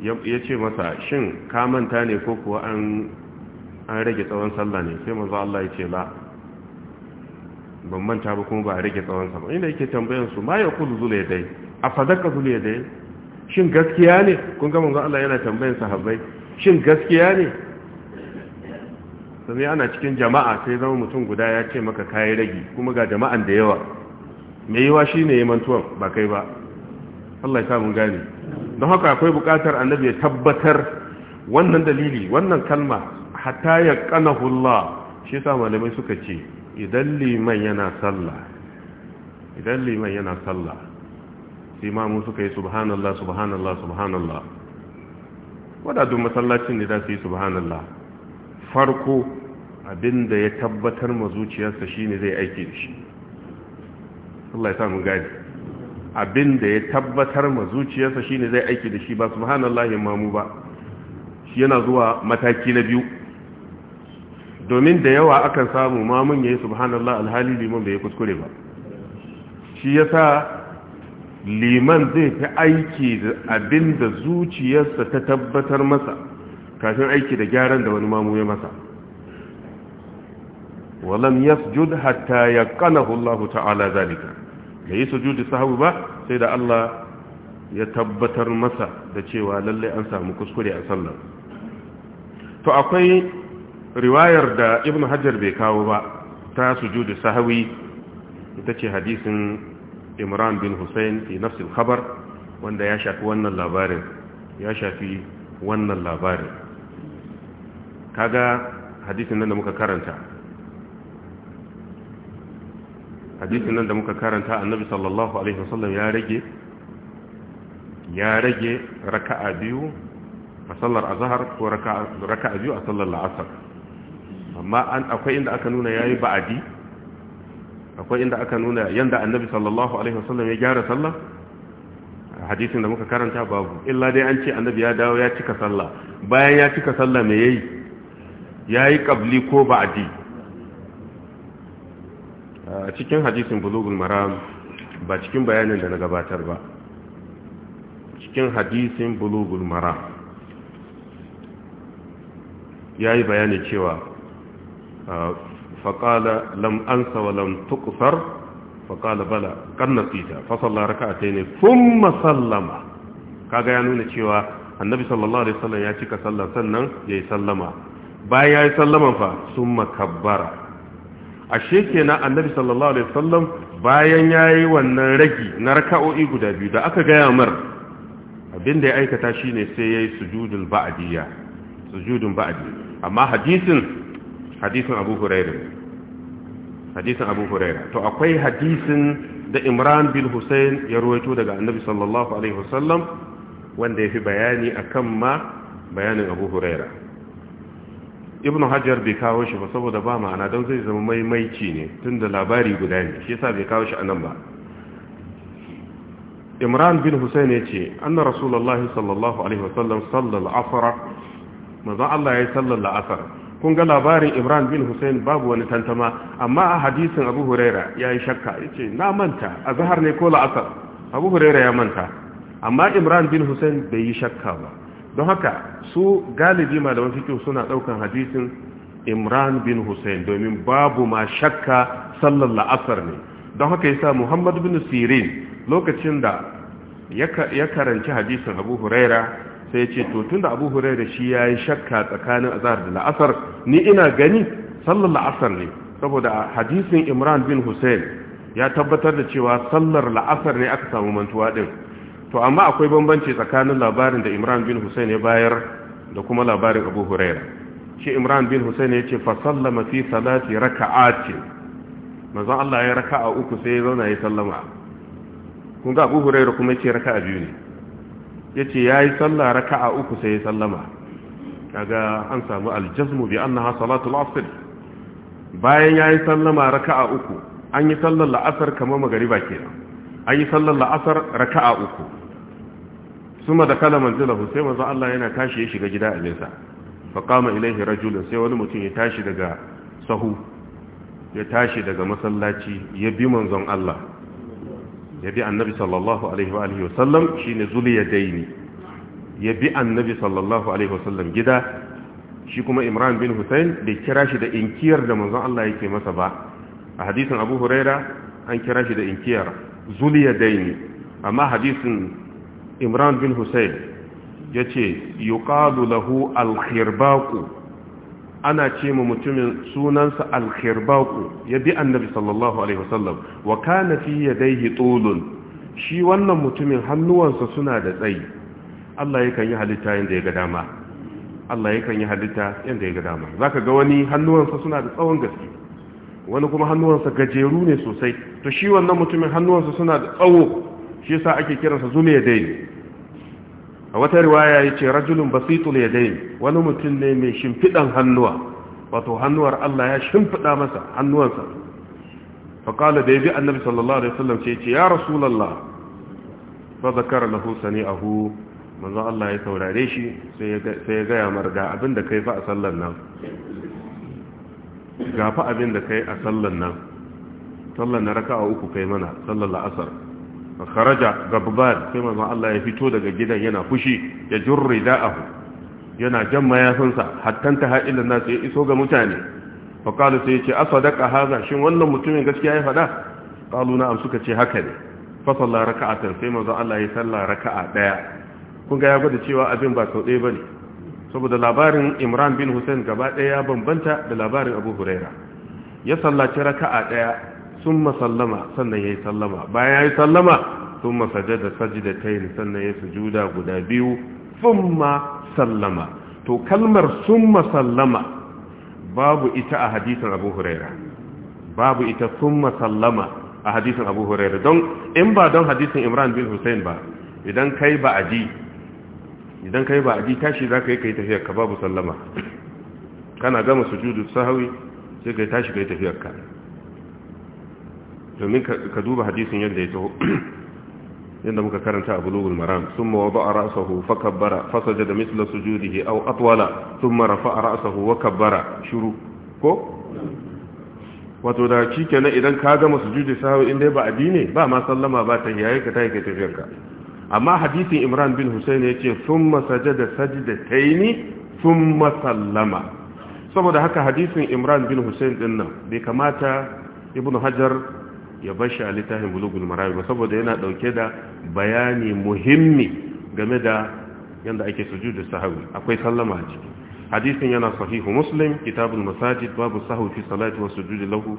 ya ce masa shin ka manta ne ko kuwa an rage tsawon sallah ne sai manzo Allah ya ce la ban manta ba kuma ba a rage tsawon sallah inda yake tambayan su ma ya zule dai a zule dai shin gaskiya ne kun ga manzo Allah yana tambayin sahabbai shin gaskiya ne sai ana cikin jama'a sai zama mutum guda ya ce maka kai ragi kuma ga jama'an da yawa me yiwa shine yayin mantuwan ba kai ba Allah ya sa mun gane don haka akwai buƙatar annabi ya tabbatar wannan dalili wannan kalma hatta ya qanahu Allah shi yasa malamai suka ce idan liman yana sallah idan liman yana sallah imamu suka yi subhanallah subhanallah subhanallah wadadun masallacin da za su yi subhanallah farko abinda ya tabbatar ma zuciyarsa shine zai aiki da shi Allah ya samu gani abinda ya tabbatar ma zuciyarsa shine zai aiki da shi ba subhanallah imamu ba shi yana zuwa mataki na biyu domin da yawa akan samu mamun yayi subhanallah alhali liman bai kuskure ba shi yasa liman zai fi aiki da abin da zuciyarsa ta tabbatar masa kafin aiki da gyaran da wani mamu ya masa walam yasjud hatta yaqanahu Allah ta'ala zalika bai sujudi sahwi ba sai da Allah ya tabbatar masa da cewa lalle an samu kuskure a sallar to akwai riwayar da ibnu Hajar bai kawo ba ta sujudi sahawi ita ce hadisin imran bin hussein fi nafsil khabar wanda ya shafi wannan labarin ya shafi wannan labarin kaga hadisin nan da muka karanta hadisin nan da muka karanta annabi sallallahu alaihi wasallam ya rage ya rage raka'a biyu a sallar azhar ko raka'a biyu a sallar la'asar amma an akwai inda aka nuna yayi ba'adi akwai inda aka nuna yanda annabi sallallahu alaihi wasallam ya gyara sallah hadisin da muka karanta babu illa dai an ce annabi ya dawo ya cika sallah bayan ya cika sallah me yayi yayi qabli ko ba'di a cikin hadisin bulughul maram ba cikin bayanin da na gabatar ba cikin hadisin bulughul maram yayi bayani cewa faƙala lam ansa wa lam tukusar faƙala bala kan nasita fasalla raka'atai ne sun masallama kaga ya nuna cewa annabi sallallahu alaihi sallam ya cika sallah sannan ya yi sallama bayan ya yi sallaman fa sun makabbara a shekena annabi sallallahu alaihi sallam bayan ya yi wannan ragi na raka'o'i guda biyu da aka gaya mar abin da ya aikata shine sai ya yi sujudul ba'adiyya sujudun ba'adi amma hadisin hadisin abu hurairu hadisin abu hurairu to akwai hadisin da imran bin hussein ya ruwaito daga annabi sallallahu alaihi wasallam wanda ya fi bayani a kan ma bayanin abu hurairu Ibn hajjar bai kawo shi ba saboda ba ma'ana don zai zama maimaici ne tun da labari guda ne shi yasa bai kawo shi a nan ba imran bin Hussein ya ce an anna rasulullahi sallallahu alaihi wasallam sallal asara manzon Allah ya yi sallar la'asar. kun ga labarin imran bin hussein babu wani tantama amma a hadisin abu huraira ya yi shakka yace na manta a zahar ne ko la'asar abu huraira ya manta amma imran bin hussein bai yi shakka ba don haka su galibi malaman fikiyu suna daukan hadisin imran bin hussein domin babu ma shakka sallar la'asar ne don haka yasa muhammad bin sirin lokacin da ya karanci hadisin abu huraira sai ce to tunda abu huraira shi ya yi shakka tsakanin azhar da la'asar ni ina gani sallar la'asar ne saboda hadisin imran bin hussein ya tabbatar da cewa sallar la'asar ne aka samu mantuwa din to amma akwai bambanci tsakanin labarin da imran bin hussein ya bayar da kuma labarin abu huraira shi imran bin hussein ya ce fa sallama fi salati raka'atin manzon Allah ya raka'a uku sai ya zauna ya sallama kun ga abu huraira kuma ya ce raka'a biyu ne ya ce ya yi sallah raka'a uku sai ya sallama kaga an samu aljazmu bi annaha salatul asr bayan ya yi sallama raka'a uku an yi sallar la'asar kamar magariba kenan an yi sallar la'asar raka'a uku suma da kala manzila sai manzo Allah yana tashi ya shiga gida abinsa fa qama ilayhi rajulun sai wani mutum ya tashi daga sahu ya tashi daga masallaci ya bi manzon Allah ya bi annabi sallallahu alaihi wa alihi wasallam shine zuliyadaini ya bi annabi sallallahu alaihi sallam gida shi kuma imran bin hussein bai kira shi da inkiyar da manzon Allah yake masa ba a hadisin abu huraira an kira shi da inkiyar zuliyadaini amma hadisin imran bin ya ce yuqalu lahu al ana ce ma mutumin sunansa alkhirbaku ya bi annabi sallallahu alaihi wasallam wa kana fi yadayhi tulun shi wannan mutumin hannuwansa suna da tsayi Allah yakan yi halitta yanda ya ga dama Allah yakan yi halitta yanda ya ga dama zaka ga wani hannuwansa suna da tsawon gaske wani kuma hannuwansa gajeru ne sosai to shi wannan mutumin hannuwansa suna da tsawo shi yasa ake kiransa zume ne. a wata riwaya ya ce rajulun basitul ya dai wani mutum ne mai shimfiɗan hannuwa wato hannuwar Allah ya shimfiɗa masa hannuwansa faƙala da ya bi annabi sallallahu alaihi wasallam ce ce ya rasulallah fa zakara lahu sani'ahu manzo Allah ya saurare shi sai ya gaya mar ga abin da kai fa a sallan nan ga fa abin da kai a sallan nan sallan na raka'a uku kai mana sallan la'asar kharaja gabban sai manzon Allah ya fito daga gidan yana fushi ya jurri da'ahu yana jan mayafinsa hattanta ta ha'ilin nasu ya iso ga mutane fa qalu sai yace asadaka haza shin wannan mutumin gaskiya ya faɗa qalu na'am suka ce haka ne fa salla raka'atan sai manzo Allah ya salla raka'a daya kun ga ya gwada cewa abin ba sau ɗaya bane saboda labarin Imran bin Hussein gaba ɗaya ya bambanta da labarin Abu Huraira ya sallaci raka'a daya sun masallama sannan ya yi sallama bayan ya yi sallama sun masajada sajida ta yi sannan ya sujuda guda biyu sun sallama to kalmar sun masallama babu ita a hadisin abu huraira babu ita sun masallama a hadisin abu huraira don in ba don hadisin imran bin hussein ba idan kai ba aji idan kai ba aji tashi za ka yi kai ka babu sallama kana gama sujudu sahawi sai kai tashi ka kai tafiyarka domin ka duba hadisin yadda ya taho yadda muka karanta a bulugul maram Sun summa wada'a ra'sahu fa kabbara fa sajada mithla sujudihi aw atwala thumma rafa'a ra'sahu wa kabbara shuru ko wato da na idan ka gama su sujudi sahwi inda ba addini ba ma sallama ba ta yayi ka ta yi ka tafiyarka amma hadisin Imran bin ya ce sun Husayn yace thumma sajada sajdataini thumma sallama saboda haka hadisin Imran bin Husayn din nan bai kamata Ibn Hajar ya bar shi a littafin bulugul marabi saboda yana dauke da bayani muhimmi game da yadda ake sujudu sahwi akwai sallama a ciki hadisin yana sahihu muslim kitabul masajid babu sahwi fi salati wa sujudi lahu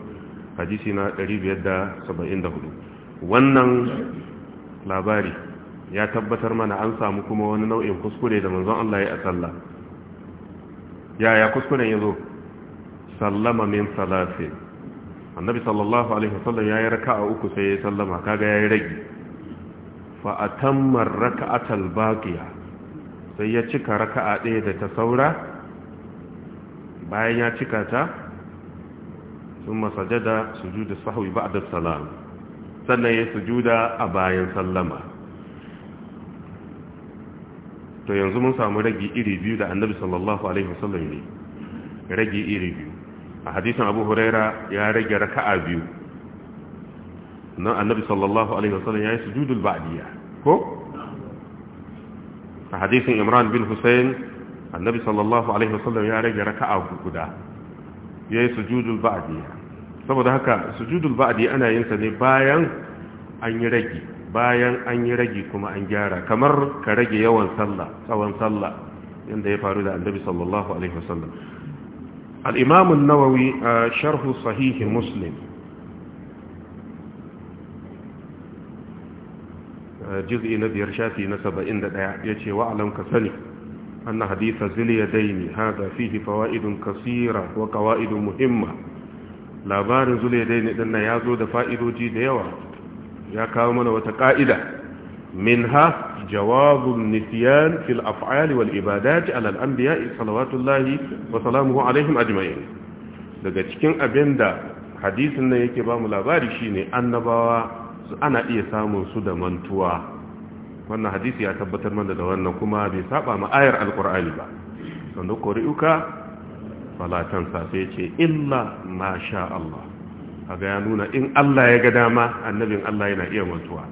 hadisi na 574 wannan labari ya tabbatar mana an samu kuma wani nau'in kuskure da manzon Allah ya a sallah yaya kuskuren yazo sallama min salatin annabi sallallahu alaihi wasallam yayi raka'a uku sai ya sallama kaga yayi ragi fa atamma raka'atal baqiya sai ya cika raka'a ɗaya da ta saura bayan ya cika ta thumma sajada sujudu sahwi ba'da salam sannan ya sujuda a bayan sallama to yanzu mun samu ragi iri biyu da annabi sallallahu alaihi wasallam ne ragi iri biyu a hadisin abu huraira ya rage raka'a biyu nan annabi sallallahu alaihi wasallam ya yi sujudul ba'diya ko a hadisin imran bin Hussein annabi sallallahu alaihi wasallam ya rage raka'a guda ya yi sujudul ba'diya saboda haka sujudul ba'diya ana yin sa ne bayan an yi rage bayan an yi rage kuma an gyara kamar ka rage yawan sallah tsawon sallah yadda ya faru da annabi sallallahu alaihi wasallam الإمام النووي شرح صحيح مسلم جزء نبي رشافي نسب إن يتي وأعلم كثني أن حديث زلي يدين هذا فيه فوائد كثيرة وقوائد مهمة لا بار زلي ne dinnan ya فائد جيد fa'idoji يا كامل وتقائد منها جواز النسيان في الأفعال والإبادات على الأنبياء صلوات الله وسلامه عليهم أجمعين daga cikin abin da hadisin nan yake ba mu labari shine annabawa ana iya samun su da mantuwa wannan hadisi ya tabbatar mana da wannan kuma bai saba ma'ayar alkur'ani ba sannan kuri'uka falatan sa ce illa masha sha Allah kaga ya nuna in Allah ya ga dama annabin Allah yana iya mantuwa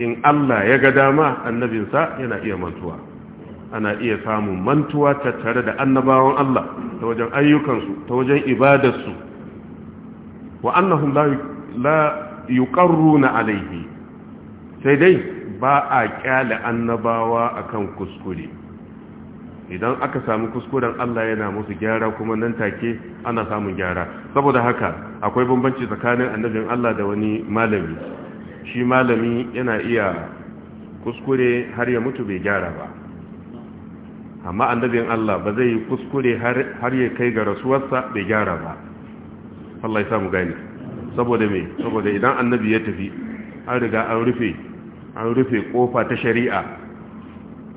in Allah ya ga dama annabinsa yana iya mantuwa ana iya samun mantuwa tattare da annabawan Allah ta wajen ayyukansu ta wajen ibadarsu wa annahum la yuqarruna alayhi sai dai ba a kyale annabawa akan kuskure idan aka samu kuskuren Allah yana musu gyara kuma nan take ana samun gyara saboda haka akwai bambanci tsakanin annabin Allah da wani malami shi malami yana iya kuskure har ya mutu bai gyara ba amma annabin Allah ba zai kuskure har ya kai ga rasuwarsa bai gyara ba Allah ya samu gani saboda me saboda idan annabi ya tafi an riga an rufe an rufe kofa ta shari'a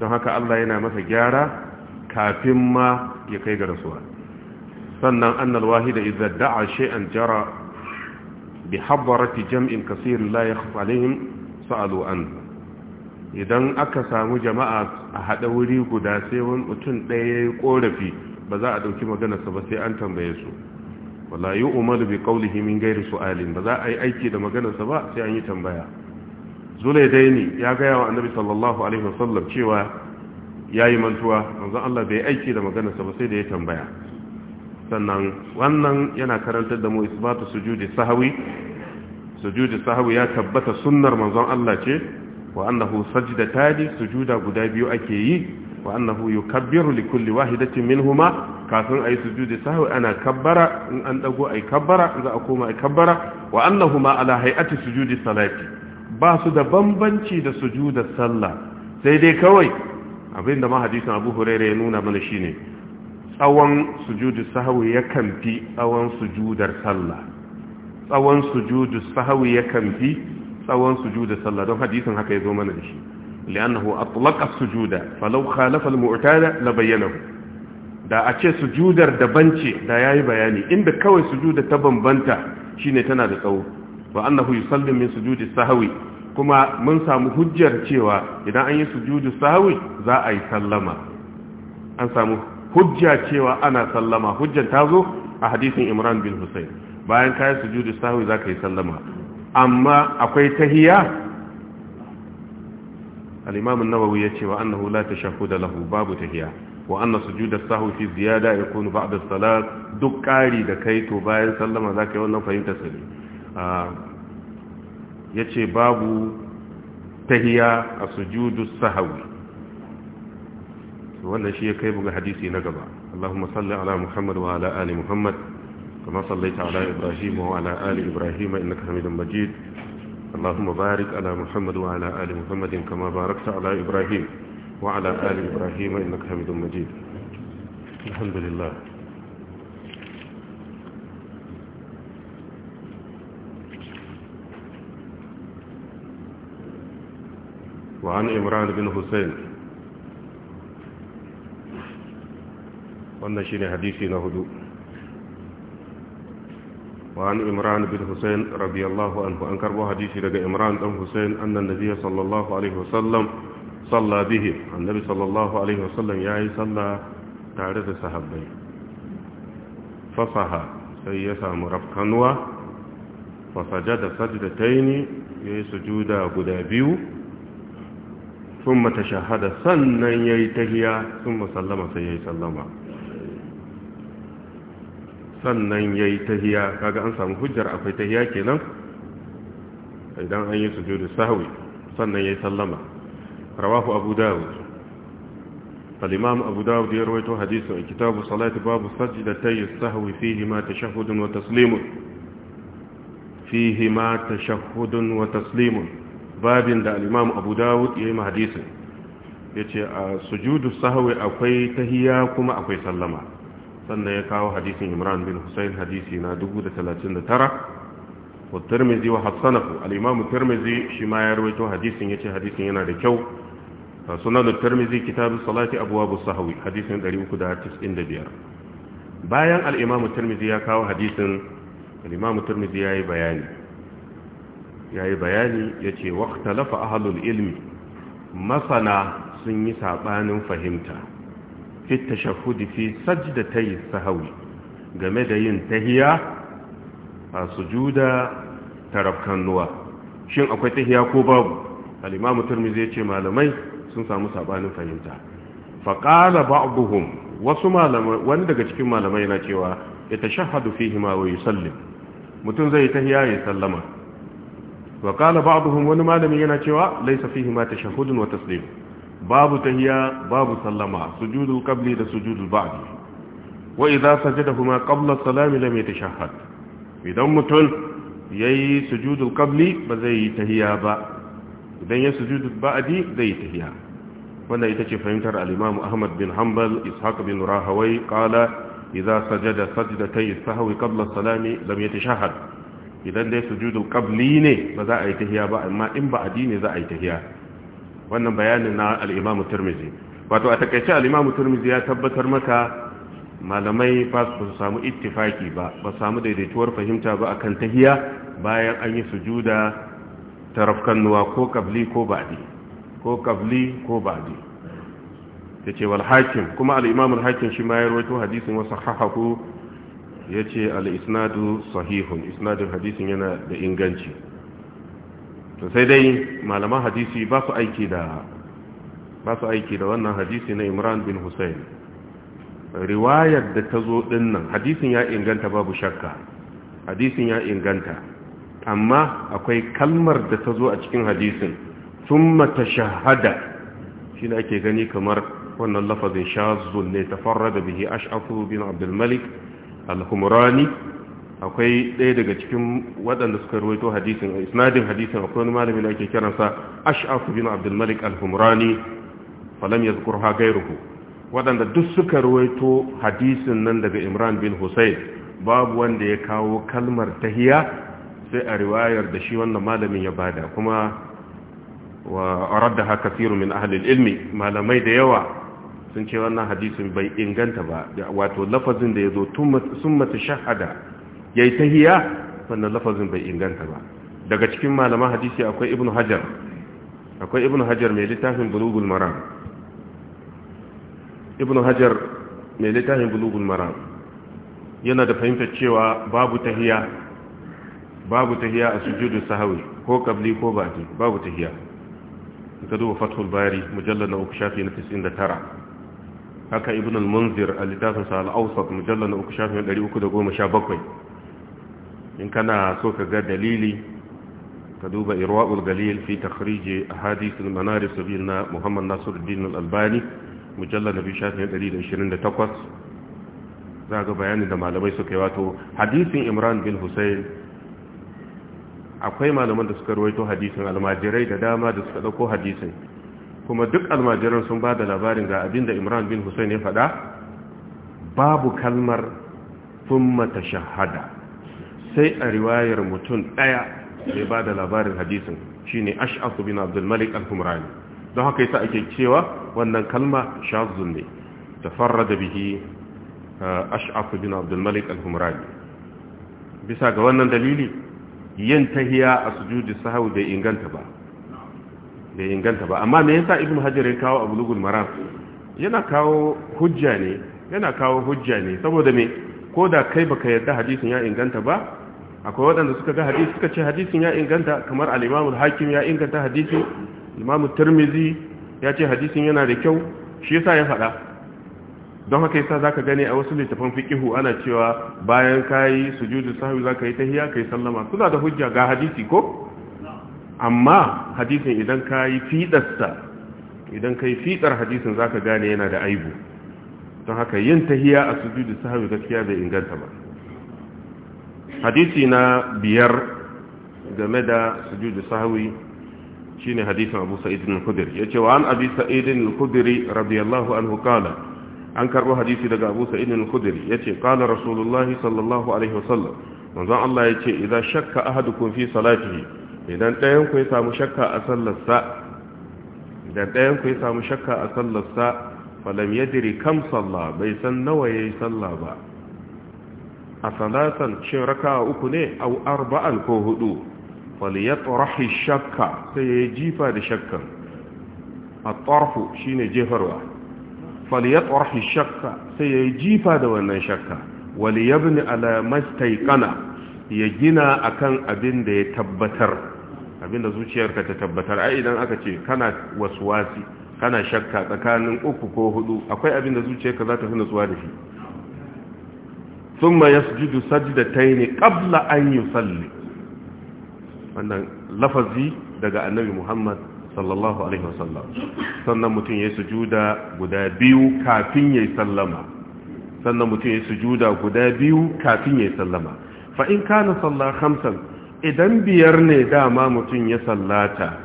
don haka Allah yana masa gyara kafin ma ya kai ga rasuwa sannan annal wahida idza da'a shay'an jara bi jam'in kasirin la yakhfa alaihim sa'alu an idan aka samu jama'a a hada wuri guda sai wani mutum ɗaya ya korafi ba za a ɗauki maganarsa ba sai an tambaye su wala yi umaru bi qawlihi min ghairi su'alin ba za a yi aiki da maganarsa ba sai an yi tambaya Zulai dai ne ya gaya wa annabi sallallahu alaihi wasallam cewa yayi mantuwa manzon Allah bai aiki da maganarsa ba sai da ya tambaya sannan wannan yana karantar da mu isbatu sujudi sahwi sujudi sahwi ya tabbata sunnar manzon Allah ce wa annahu sajda tadi sujuda guda biyu ake yi wa annahu yukabbiru li kulli wahidatin minhuma kafin ayi sujudi sahwi ana kabbara in an dago ayi kabbara za a koma ayi kabbara wa annahuma ala hay'ati sujudi salati ba su da bambanci da sujudar sallah sai dai kawai abinda ma hadisin Abu Hurairah ya nuna mana shine tsawon sujudu sahawi yakan fi tsawon sujudar sallah tsawon sujudu sahawi yakan fi tsawon sujudar sallah don hadisin haka ya zo mana da shi li'annahu atlaqa sujuda falau khalafa al la bayyanahu da a ce sujudar daban ce da yayi bayani inda kawai sujuda ta bambanta shine tana da tsawo wa annahu yusallimu min sujudi sahawi kuma mun samu hujjar cewa idan an yi sujudu sahawi za a yi sallama an samu hujja cewa ana sallama hujjan ta zo a hadisin imran bin husayn bayan kayan sujudu sahwi za ka yi sallama amma akwai tahiya al nawawi ya ce hula ta la da lahu babu tahiya wa anna sujuda sahwi fi ziyada yakunu da salat duk kari da kai to bayan sallama za ka yi wannan fahimtar ah, ya ce babu tahiya a sujudu sahwi wannan shi ya kai mu ga hadisi na gaba Allahumma salli ala Muhammad wa ala ali Muhammad kama sallaita ala Ibrahim wa ala ali Ibrahim innaka Hamidum Majid Allahumma barik ala Muhammad wa ala ali Muhammad kama barakta ala Ibrahim wa ala ali Ibrahim innaka Hamidum Majid Alhamdulillah وعن إمران بن حسين wannan shine hadisi na hudu wa an imran bin husayn radiyallahu anhu an karbo hadisi daga imran dan husayn annan nabiy sallallahu alaihi wasallam salla bihi annabi sallallahu alaihi wasallam yayi salla tare da sahabai. fasaha sai ya samu rafkanwa fa sajada sajdatayn yayi sujuda guda biyu ثم تشهد سنن يتهيا ثم سلم سيهي sallama. sannan ya yi tahiya kaga an samu hujjar akwai tahiya kenan idan an yi sujudu sahwi sannan ya yi sallama rawahu abu dawud al abu dawud ya rawaito hadisin kitabu salatu, babu da ta yi sahwi fihi ma tashahhudun wa taslimun fihi ma tashahhudun wa taslimun babin da alimam abu dawud ya yi ya ce a sujudu sahwi akwai tahiya kuma akwai sallama sannan ya kawo hadisin imran bin husayn hadisi na 1039 wa tirmizi wa hassanahu al-imam tirmizi shi ma ya rawaito hadisin yace hadisin yana da kyau sunan tirmizi kitabus salati abwabus sahwi hadisin 395 bayan al-imam tirmizi ya kawo hadisin al-imam tirmizi yayi bayani yayi bayani yace waqtalafa ahlul ilmi masana sun yi sabanin fahimta fi tashahhudi fi yi sahwi game da yin tahiya a sujuda tarafkannuwa shin akwai tahiya ko babu al-imamu tirmidhi ce malamai sun samu sabanin fahimta Faƙala qala wasu malamai wani daga cikin malamai na cewa ya yatashahhadu fihi ma wa yusallim mutum zai tahiya ya sallama Faƙala qala ba'dhum wani malami yana cewa laysa fihi ma tashahhudun wa taslim babu tahiya babu sallama sujudul qabli da sujudul ba'di wa idza sajadahuma qabla salami lam yatashahhad idan mutum yayi sujudul qabli ba zai yi tahiya ba idan ya sujudul ba'di zai yi tahiya wannan ita ce fahimtar al-Imam Ahmad bin Hanbal Ishaq bin Rahawai qala idza sajada sajdatay sahwi qabla salami lam yatashahhad idan dai sujudul qabli ne ba za a yi tahiya ba amma in ba'adi ne za a yi tahiya wannan bayanin na al'imamu turmizi wato a takaice al'imamu turmizi ya tabbatar maka malamai ba su samu ittifaki ba ba samu daidaituwar fahimta ba a kan tahiya bayan an yi sujuda ta rafkannuwa ko kabli ko ba'adi. ko kabli ko ya ce wal hakim kuma al'imamul hakim shi ma ya rawaito hadisin wasu hahaku ya ce al'isnadu sahihun isnadin hadisin yana da inganci to sai dai malaman hadisi ba su aiki da wannan hadisi na imran bin hussein riwayar da ta zo dinnan hadisin ya inganta babu shakka hadisin ya inganta amma akwai kalmar da ta zo a cikin hadisin sun mata shahada shi da ake gani kamar wannan lafazin shazun ne ta farra da bihi ash'afu bin abdulmalik al-humrani akwai ɗaya daga cikin waɗanda suka ruwaito hadisin a isnadin hadisin akwai wani malami da ake kiransa ash'afu bin abdul malik al-humrani falam yazkurha waɗanda duk suka ruwaito hadisin nan daga imran bin husayn babu wanda ya kawo kalmar tahiya sai a riwayar da shi wannan malamin ya bada kuma wa araddaha kathirun min ahli ilmi malamai da yawa sun ce wannan hadisin bai inganta ba wato lafazin da ya zo sun mata shahada yayi tahiya wannan lafazin bai inganta ba daga cikin malaman hadisi akwai ibnu hajar akwai ibnu hajar mai littafin bulugul maram ibnu hajar mai littafin bulugul maram yana da fahimtar cewa babu tahiya babu tahiya a sujudu sahawi ko kabli ko baki babu tahiya ka duba fathul bari mujallal na uku shafi na 99 haka ibn al-munzir a littafin sa al-awsat mujallal na uku shafi na 317 in kana so ka ga dalili ka duba irwa'ul galil fi takhrij ahadith al-manar na Muhammad Nasiruddin al-Albani mujallal nabi shafin 128 za ga bayanin da malamai suka yi wato hadisin Imran bin Hussein akwai malaman da suka rawaito hadisin almajirai da dama da suka dauko hadisin kuma duk almajiran sun ba da labarin ga abinda Imran bin Hussein ya faɗa babu kalmar thumma tashahhada sai a riwayar mutum ɗaya ya ba da labarin hadisin ne ash'asu bin abdul malik al-humrani don haka yasa ake cewa wannan kalma shazun ne da bihi uh, ash'asu bin abdul malik al-humrani bisa ga wannan dalili yin tahiya a sujudi sahau bai inganta ba bai inganta ba amma me yasa ibnu hajar ya kawo abulugul maram yana kawo hujja ne yana kawo hujja ne saboda me ko da kai baka yarda hadisin ya inganta ba akwai waɗanda suka ga hadisi suka ce hadisin ya inganta kamar alimamul hakim ya inganta hadisin imamu turmizi ya ce hadisin yana da kyau shi yasa ya faɗa don haka yasa ka gani a wasu littafan fikihu ana cewa bayan ka kai sujudu za zaka yi ka yi sallama suna da hujja ga hadisi ko amma hadisin idan ka yi fiɗarsa idan ka yi fidar hadisin za ka gane yana da aibu don haka yin tahiya a sujudu sahu gaskiya bai inganta ba hadisi na biyar game da sujudu shi ne hadisin Abu Sa'id al ya ce wa an Abi Sa'id al-Khudri radiyallahu anhu qala an karbo hadisi daga Abu Sa'id al ya ce qala rasulullahi sallallahu alaihi wasallam manzon Allah yace idan shakka ahadukum fi salatihi idan ɗayan ku ya samu shakka a sallarsa idan ɗayan ku ya samu shakka a sallarsa falam yadri kam salla bai san nawa yayi salla ba a salatan shin raka uku ne au arba'an ko hudu tsorahi shakka sai ya jifa da shakkan at-tarfu shine jefarwa tsorahi shakka sai ya jifa da wannan shakka waliyabni ala mastayqana ya gina akan abin da ya tabbatar abin da zuciyarka ta tabbatar ai idan aka ce kana waswasi kana shakka tsakanin uku ko hudu akwai abin da zuciyarka za ta fi nutsuwa da shi thumma yasjudu ne qabla an salli wannan lafazi daga annabi Muhammad sallallahu alaihi wasallam sannan mutum yayi sujuda guda biyu kafin ya sallama sannan mutum yayi sujuda guda biyu kafin ya sallama fa in kana salla khamsan idan biyar ne dama mutum ya sallata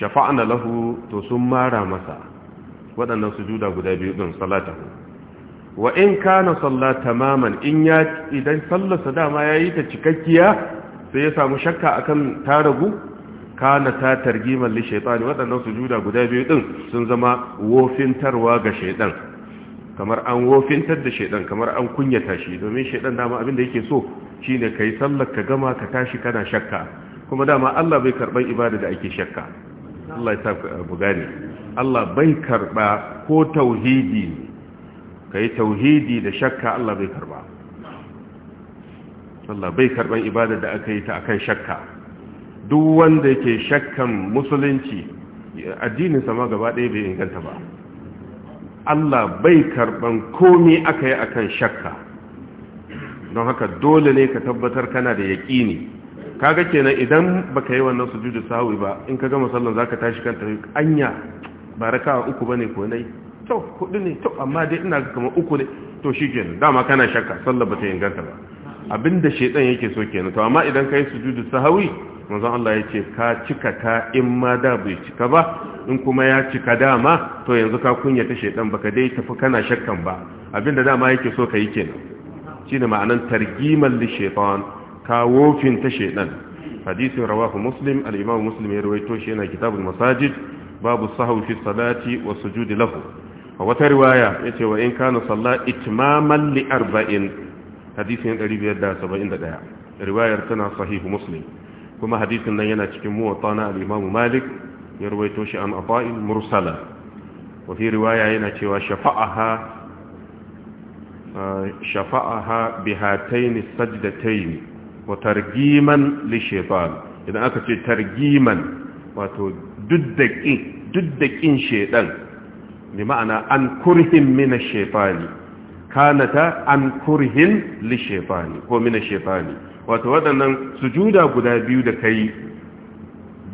shafa'na lahu to sun mara masa waɗannan sujuda guda biyu din sallatahu wa in kana salla tamaman in ya idan sallarsa dama ya yi ta cikakkiya sai ya samu shakka akan ta ragu kana ta targiman li wadannan waɗannan sujuda guda biyu din sun zama wofintarwa ga shaytan kamar an wofintar da shaytan kamar an kunyata shi domin shaytan dama abin da yake so shine kai sallar ka gama ka tashi kana shakka kuma dama Allah bai karban ibada da ake shakka Allah ya sa ku Allah bai karɓa ko tauhidi ka yi tauhidi da shakka Allah bai karba Allah bai karban ibadar da aka yi ta akan shakka duk wanda yake shakkan musulunci addinin sa ma gaba ɗaya bai inganta ba Allah bai karban komi aka yi akan shakka don haka dole ne ka tabbatar kana da yaƙini kaga kenan idan baka yi wannan sujudu sahwi ba in ka gama sallan zaka tashi kan tafi anya baraka uku bane ko nai to hudu ne to amma dai ina kamar uku ne to shi kenan dama kana shakka sallar ba ta inganta ba abinda shedan yake so kenan to amma idan kai sujudu sahawi manzon Allah ya ce ka cika ta in ma da bai cika ba in kuma ya cika dama to yanzu ka kunya kunyata shedan baka dai tafi kana shakkan ba abinda dama yake so ka yi kenan shine ma'anan targimal li shaytan ka wofin ta shedan hadisin rawahu muslim al-imam muslim ya rawaito shi yana kitabul masajid babu sahwi fi salati wa sujudi lahu wata riwaya ya ce wa in kanu salla itmaman li arba'in hadisin 571 riwayar tana sahihu muslim kuma hadisin nan yana cikin muwatta na al-imamu malik ya rubaito shi an afa'il mursala wa riwaya yana cewa shafa'aha eh, shafa'aha bi hatayn sajdatayn wa targiman li shaytan idan aka ce targiman wato duddakin duddakin shaytan Ni ma'ana an kurhin mina shefani kanata an kurhin li shefani ko mina shefani wato waɗannan sujuda guda biyu da kai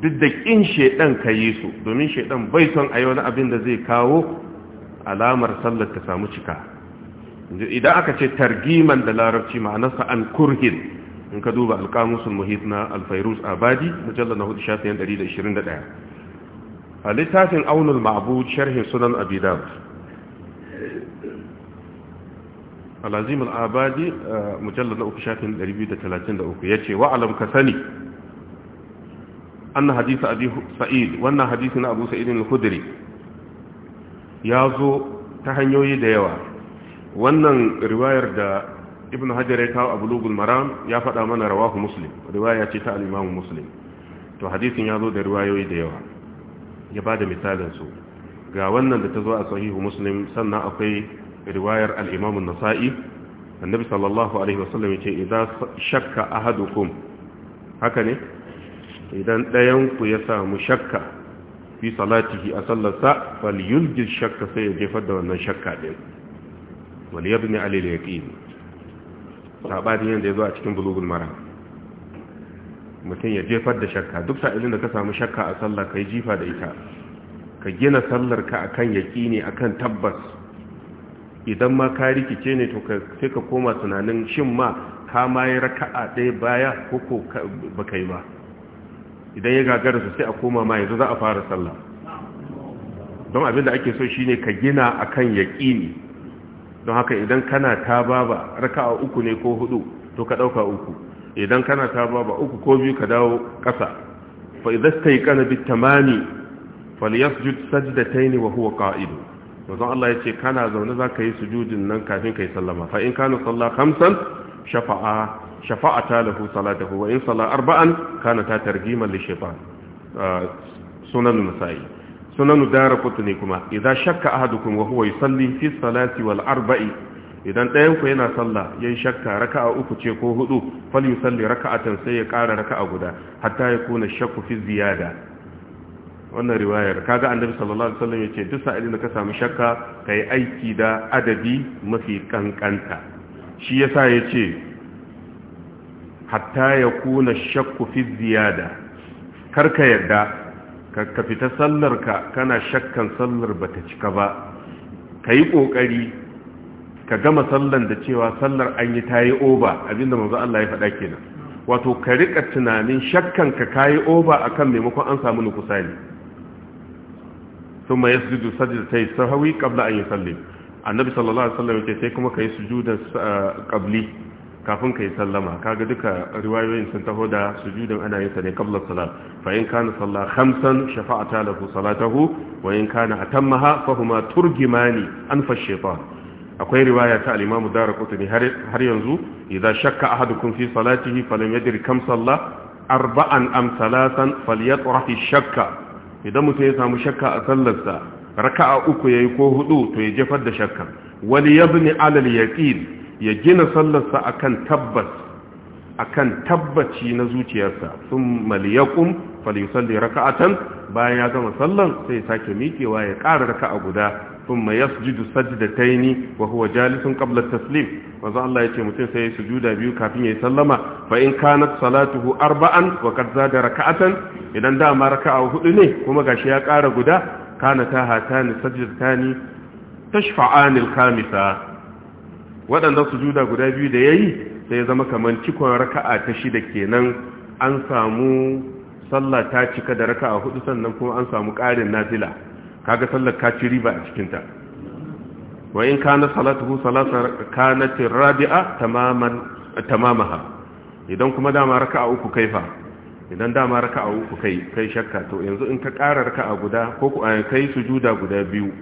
duk da ƙin shaidan ka yi su domin shaidan bai son a yi wani abin da zai kawo alamar sallar ta samu cika idan aka ce targiman da larabci ma'anarsa an kurhin in ka duba alƙamusul muhit na alfairus abadi mujallar na hudu shafiyan 121 a littafin aunul ma'abu sharhin sunan abi dawud alazim al'abadi eh, mujallar na uku shafin 233 ya ce wa'alam ka sani an na hadisa abi sa'id wannan hadisi na abu sa'idin al ya zo ta hanyoyi da yawa wannan riwayar da ibn hajar ya kawo abu lugul maram ya faɗa mana rawahu muslim riwaya ce ta al'imamu muslim to hadisin ya zo da riwayoyi da yawa ya ba da misalinsu ga wannan da ta zo a sahihu muslim sannan akwai riwayar al'imamun nasa'i annabi sallallahu alaihi wasallam ya ce idan shakka ahadukum haka ne idan ɗayanku ya samu shakka fi salatihi a sallarsa falyulgis shakka sai ya jefar da wannan shakka ɗin waliyabni alil yaqin sabanin yadda ya zo a cikin bulugun mara. mutum ya jefar da shakka duk sa'ilin da ka samu shakka a sallah yi jifa da ita ka gina sallar ka akan yakini akan tabbas idan ma ka rikice ne to sai ka koma tunanin shin ma ka ma yi raka'a ɗaya baya ko ko ba yi ba idan ya gagara su sai a koma ma yanzu za a fara sallah don abin da ake so shine ka gina akan yakini don haka idan kana ta baba raka'a uku ne ko hudu to ka dauka uku idan kana ta ba ba uku ko biyu ka dawo ƙasa fa idan ka yi ƙanabi tamani falyasjud sajdatayni wa huwa qa'id wazan Allah yace kana zaune za ka yi sujudin nan kafin ka yi sallama fa in kana salla khamsan shafa'a shafa'ata lahu salatuhu wa in salla arba'an kana ta tarjima li shaytan ah, sunan nasai sunan darqutni kuma idan shakka ahadukum wa huwa yusalli fi salati wal arba'i idan ɗayanku yana sallah ya yi shakka raka'a uku ce ko hudu falyu salli raka'atan sai ya ƙara raka'a guda hatta ya kuna shakku fi ziyada wannan riwayar kaga annabi sallallahu alaihi wasallam yace duk sa'ilin da ka samu shakka kai aiki da adadi mafi kankanta shi yasa yace hatta ya kuna shakku fi ziyada karka yadda ka fita sallar ka kana shakkan sallar bata cika ba ka yi ƙoƙari ka gama sallan da cewa sallar an yi ta yi oba abinda manzo Allah ya faɗa kenan wato ka riƙa tunanin shakkan ka kayi oba akan maimakon an samu nukusani thumma yasjudu sajdatayn sahwi qabla an yusallim annabi sallallahu alaihi wasallam yake sai kuma kai sujudan qabli kafin kai sallama kaga duka riwayoyin sun taho da sujudan ana yin sa ne qabla salat fa in kana salla khamsan shafa'ata lahu salatahu wa in kana atammaha fa huma turgimani anfa shaytan akwai riwaya ta al dara daraqutni har yanzu idza shakka ahadukum fi salatihi falam yadri kam salla arba'an am salasan falyatrah ash-shakka idan mutum ya samu shakka a sallarsa raka'a uku yayi ko hudu to ya jefar da shakka wali yabni ala al-yaqin ya gina sallarsa akan tabbas akan tabbaci na zuciyarsa thumma liyaqum falyusalli raka'atan bayan ya gama sallan sai ya sake miƙewa ya ƙara raka'a guda ثم يسجد سجدتين وهو جالس قبل التسليم manzo Allah ya yace mutum sai ya sujuda biyu kafin ya yi sallama fa in salatu salatuhu arba'an wakar qad zada raka'atan idan da ma raka'a hudu ne kuma gashi ya ƙara guda kana ta hatani sajdatani tashfa'an al-khamisa waɗanda sujuda guda biyu da yayi sai ya zama kamar cikon raka'a ta shida kenan an samu sallah ta cika da raka'a hudu sannan kuma an samu ƙarin nafila kaga sallar ka ci riba a cikinta wa in kana salatuhu salatar kanat rabi'a tamaman tamamaha idan kuma dama raka'a uku kaifa idan dama raka'a uku kai kai shakka to yanzu in ka ƙara raka'a guda ko ku eh, kai sujuda guda biyu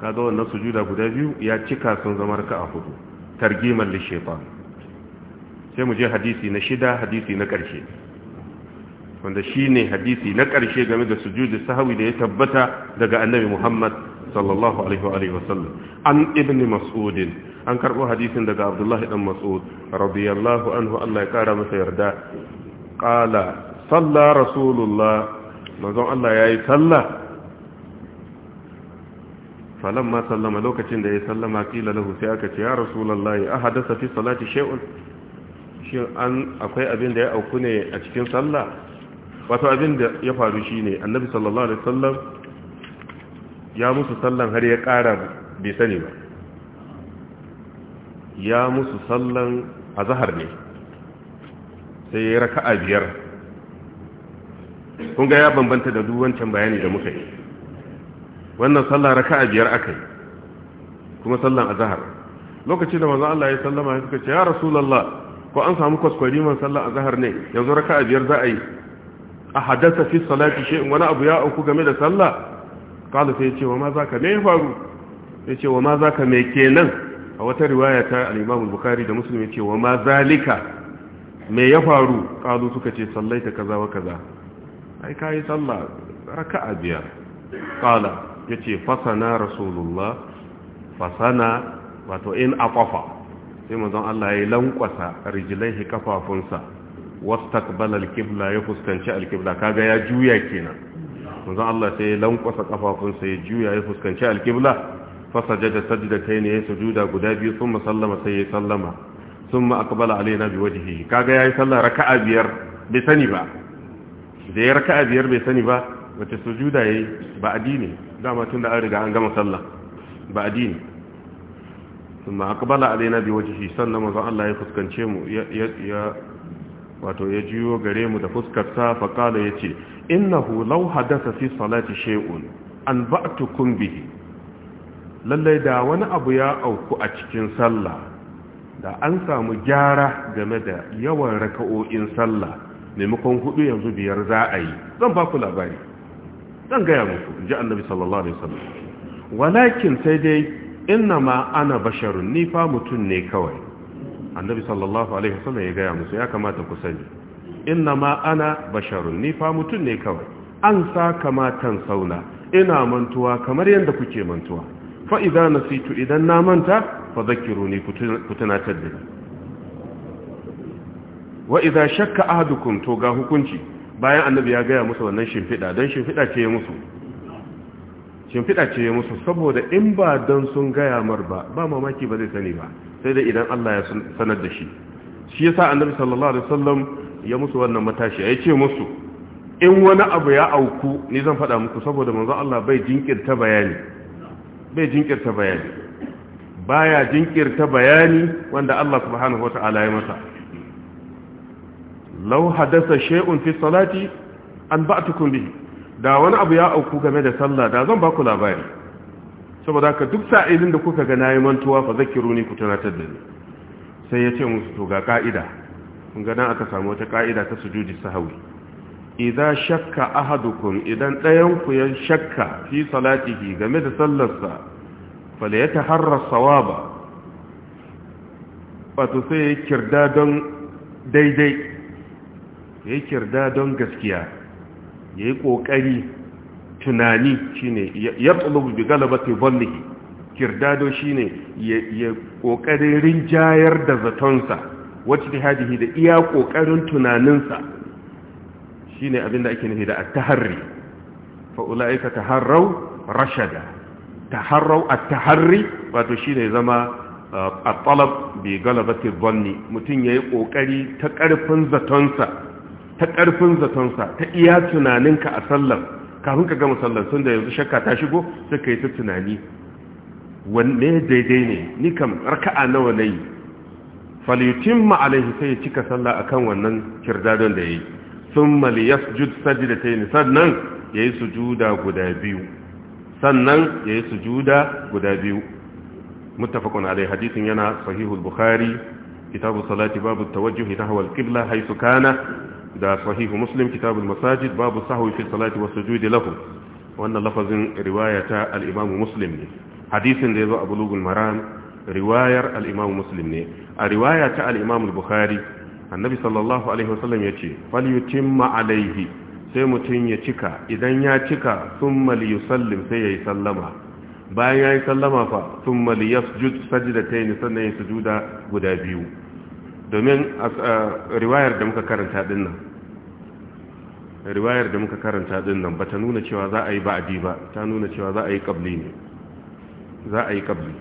kaga wannan sujuda guda biyu ya cika sun zama raka'a hudu targiman lishaitan sai mu je hadisi na shida hadisi na ƙarshe wanda shi ne hadisi na ƙarshe game da sujudi sahawi da ya tabbata daga annabi Muhammad sallallahu alaihi wa alihi wasallam an ibn mas'udin, an karɓo hadisin daga abdullahi ɗan mas'ud radiyallahu anhu Allah ya ƙara masa yarda qala salla rasulullah manzon Allah ya yayi sallah ma sallama lokacin da ya sallama kila lahu sai aka ce ya rasulallah rasulullahi ahadatha fi salati shay'un shin an akwai abin da ya auku ne a cikin sallah wato abin da ya faru shi ne, annabi sallallahu alaihi wasallam ya musu sallan har ya ƙara bai sani ba ya musu sallan azhar ne sai ya raka'a biyar kun ga ya bambanta da duk wancan bayani da muka yi wannan sallah raka'a biyar akai kuma sallan azhar Lokaci da manzo Allah ya sallama ya suka ce ya rasulullah ko an samu kwaskwari man sallan azhar ne yanzu raka'a biyar za a yi a haddasa fi salati shi wani abu ya auku game da sallah kala sai ce wa ma za ka me faru ya ce wa ma za ka me kenan a wata riwaya ta al'imamu bukari da musulmi ce wa ma zalika me ya faru kalu suka ce sallai ta kaza wa kaza ai ka yi sallah a biyar kala ya ce fasana rasulullah fasana wato in akwafa sai mazan Allah ya lankwasa rijilai kafafunsa wastaqbala alqibla ya fuskanci alqibla kaga ya juya kenan manzo Allah sai ya lankwasa kafafunsa ya juya ya fuskanci alqibla fasajada sajdatayn ya sujuda guda biyu thumma sallama sai ya sallama thumma aqbala alaina biwajhihi kaga yayi sallah raka'a biyar bai sani ba da ya raka'a biyar bai sani ba wace sujuda yayi ba addini dama tun da an riga an gama sallah ba addini thumma aqbala alaina biwajhihi sannan manzo Allah ya fuskance mu ya wato ya jiyo gare mu da fuskarsa faƙala ya ce innahu lau hadasa fi salati shay'un an ba'tukum bihi lallai da wani abu ya auku a cikin sallah da an samu gyara game da yawan raka'o'in sallah maimakon hudu yanzu biyar za a yi zan ba ku labari zan gaya muku ji annabi sallallahu alaihi wasallam walakin sai dai inna ma ana basharun ni fa ne kawai annabi sallallahu alaihi wasallam ya gaya musu ya kamata ku sani inna ma ana basharun ni fa mutun ne kawai an sa kamatan sauna ina mantuwa kamar yanda kuke mantuwa fa idza nasitu idan na manta fa zakkiruni kutuna tunatar da wa idza shakka ahadukum to ga hukunci bayan annabi ya gaya musu wannan shimfida dan shimfida ce ya musu shimfiɗa ce ya musu saboda in ba dan sun gaya mar ba ba mamaki ba zai sani ba sai da idan Allah ya sanar da shi shi yasa annabi sallallahu alaihi wasallam ya musu wannan matashi ya ce musu in wani abu ya auku ni zan faɗa muku saboda manzo Allah bai jinkirta bayani bai jinkirta bayani baya jinkirta bayani wanda Allah subhanahu wata'ala ya masa law hadatha shay'un fi salati an ba'tukum bihi da wani abu ya auku game da sallah da zan ba ku labari saboda ka duk sa'ilin da kuka ga yi mantuwa fa zakiruni ku tunatar da ni sai ya ce musu to ga ka'ida kun ga aka samu wata ka'ida ta sujudi sahawi idan shakka ahadukum idan ɗayan ku ya shakka fi salatihi game da sallarsa falyataharra sawaba wato sai ya kirda don daidai ya kirda don gaskiya ya yi ƙoƙari tunani shine ya tsulubu bi galabati zallihi kirdado shine ya kokarin rinjayar da zatonsa wacce hadihi da iya kokarin tunaninsa shine abinda ake nufi da at-tahri fa ulaika harrau rashada taharraw at-tahri wato shine zama uh, at-talab bi galabati Mutum mutun yayi kokari ta karfin zatonsa ta karfin zatonsa ta iya tunaninka a sallar kafin ka gama sallar sun da yanzu shakka ta shigo sai ka yi ta tunani wanne daidai ne ni kam raka'a nawa na yi falyutin alaihi sai ya cika sallah akan wannan kirdadon da yayi yi sun sajdatayn sannan yayi sujuda guda biyu sannan yayi sujuda guda biyu muttafaqun alaihi hadisin yana sahihul bukhari kitabu salati babu tawajjuhi nahwa al-qibla haythu kana da sahihu muslim kitabul masajid babu sahwi fi salati was sujudi lahu wannan lafazin riwayata ta al-imamu muslim ne hadisin da yazo a bulugul maram riwayar al-imamu muslim ne a riwaya ta al bukhari annabi sallallahu alaihi wasallam yace falyutimma alaihi sai mutun ya cika idan ya cika thumma liyusallim sai yayi sallama bayan yayi sallama fa thumma liyasjud sajdatayn sannan ya sujuda guda biyu domin uh, riwayar da muka karanta dinnan riwayar da muka karanta din nan ta nuna cewa za a yi ba'adi ba ta nuna cewa za a yi kabli ne za a yi kabli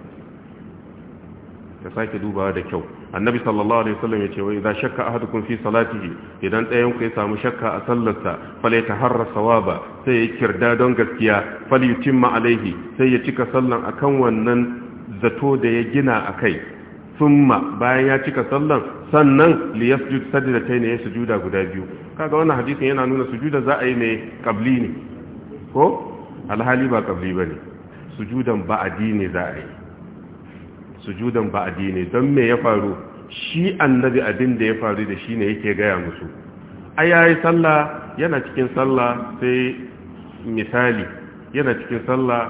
ka sake dubawa da kyau annabi sallallahu alaihi wasallam ya ce wai idan shakka ahadukum fi salatihi idan ɗayan ku ya samu shakka a sallarsa fale taharra sawaba sai ya kirda don gaskiya fal yutimma alaihi sai ya cika sallan akan wannan zato da ya gina akai summa bayan ya cika sallan sannan li sajdatayn ya sujuda guda biyu kaga wannan hadisin yana nuna sujuda za a yi mai qabli ne ko alhali ba qabli bane sujudan ba addini za a yi sujudan ba addini don me ya faru shi annabi abin da ya faru da shi ne yake gaya musu a yayi sallah yana cikin sallah sai misali yana cikin sallah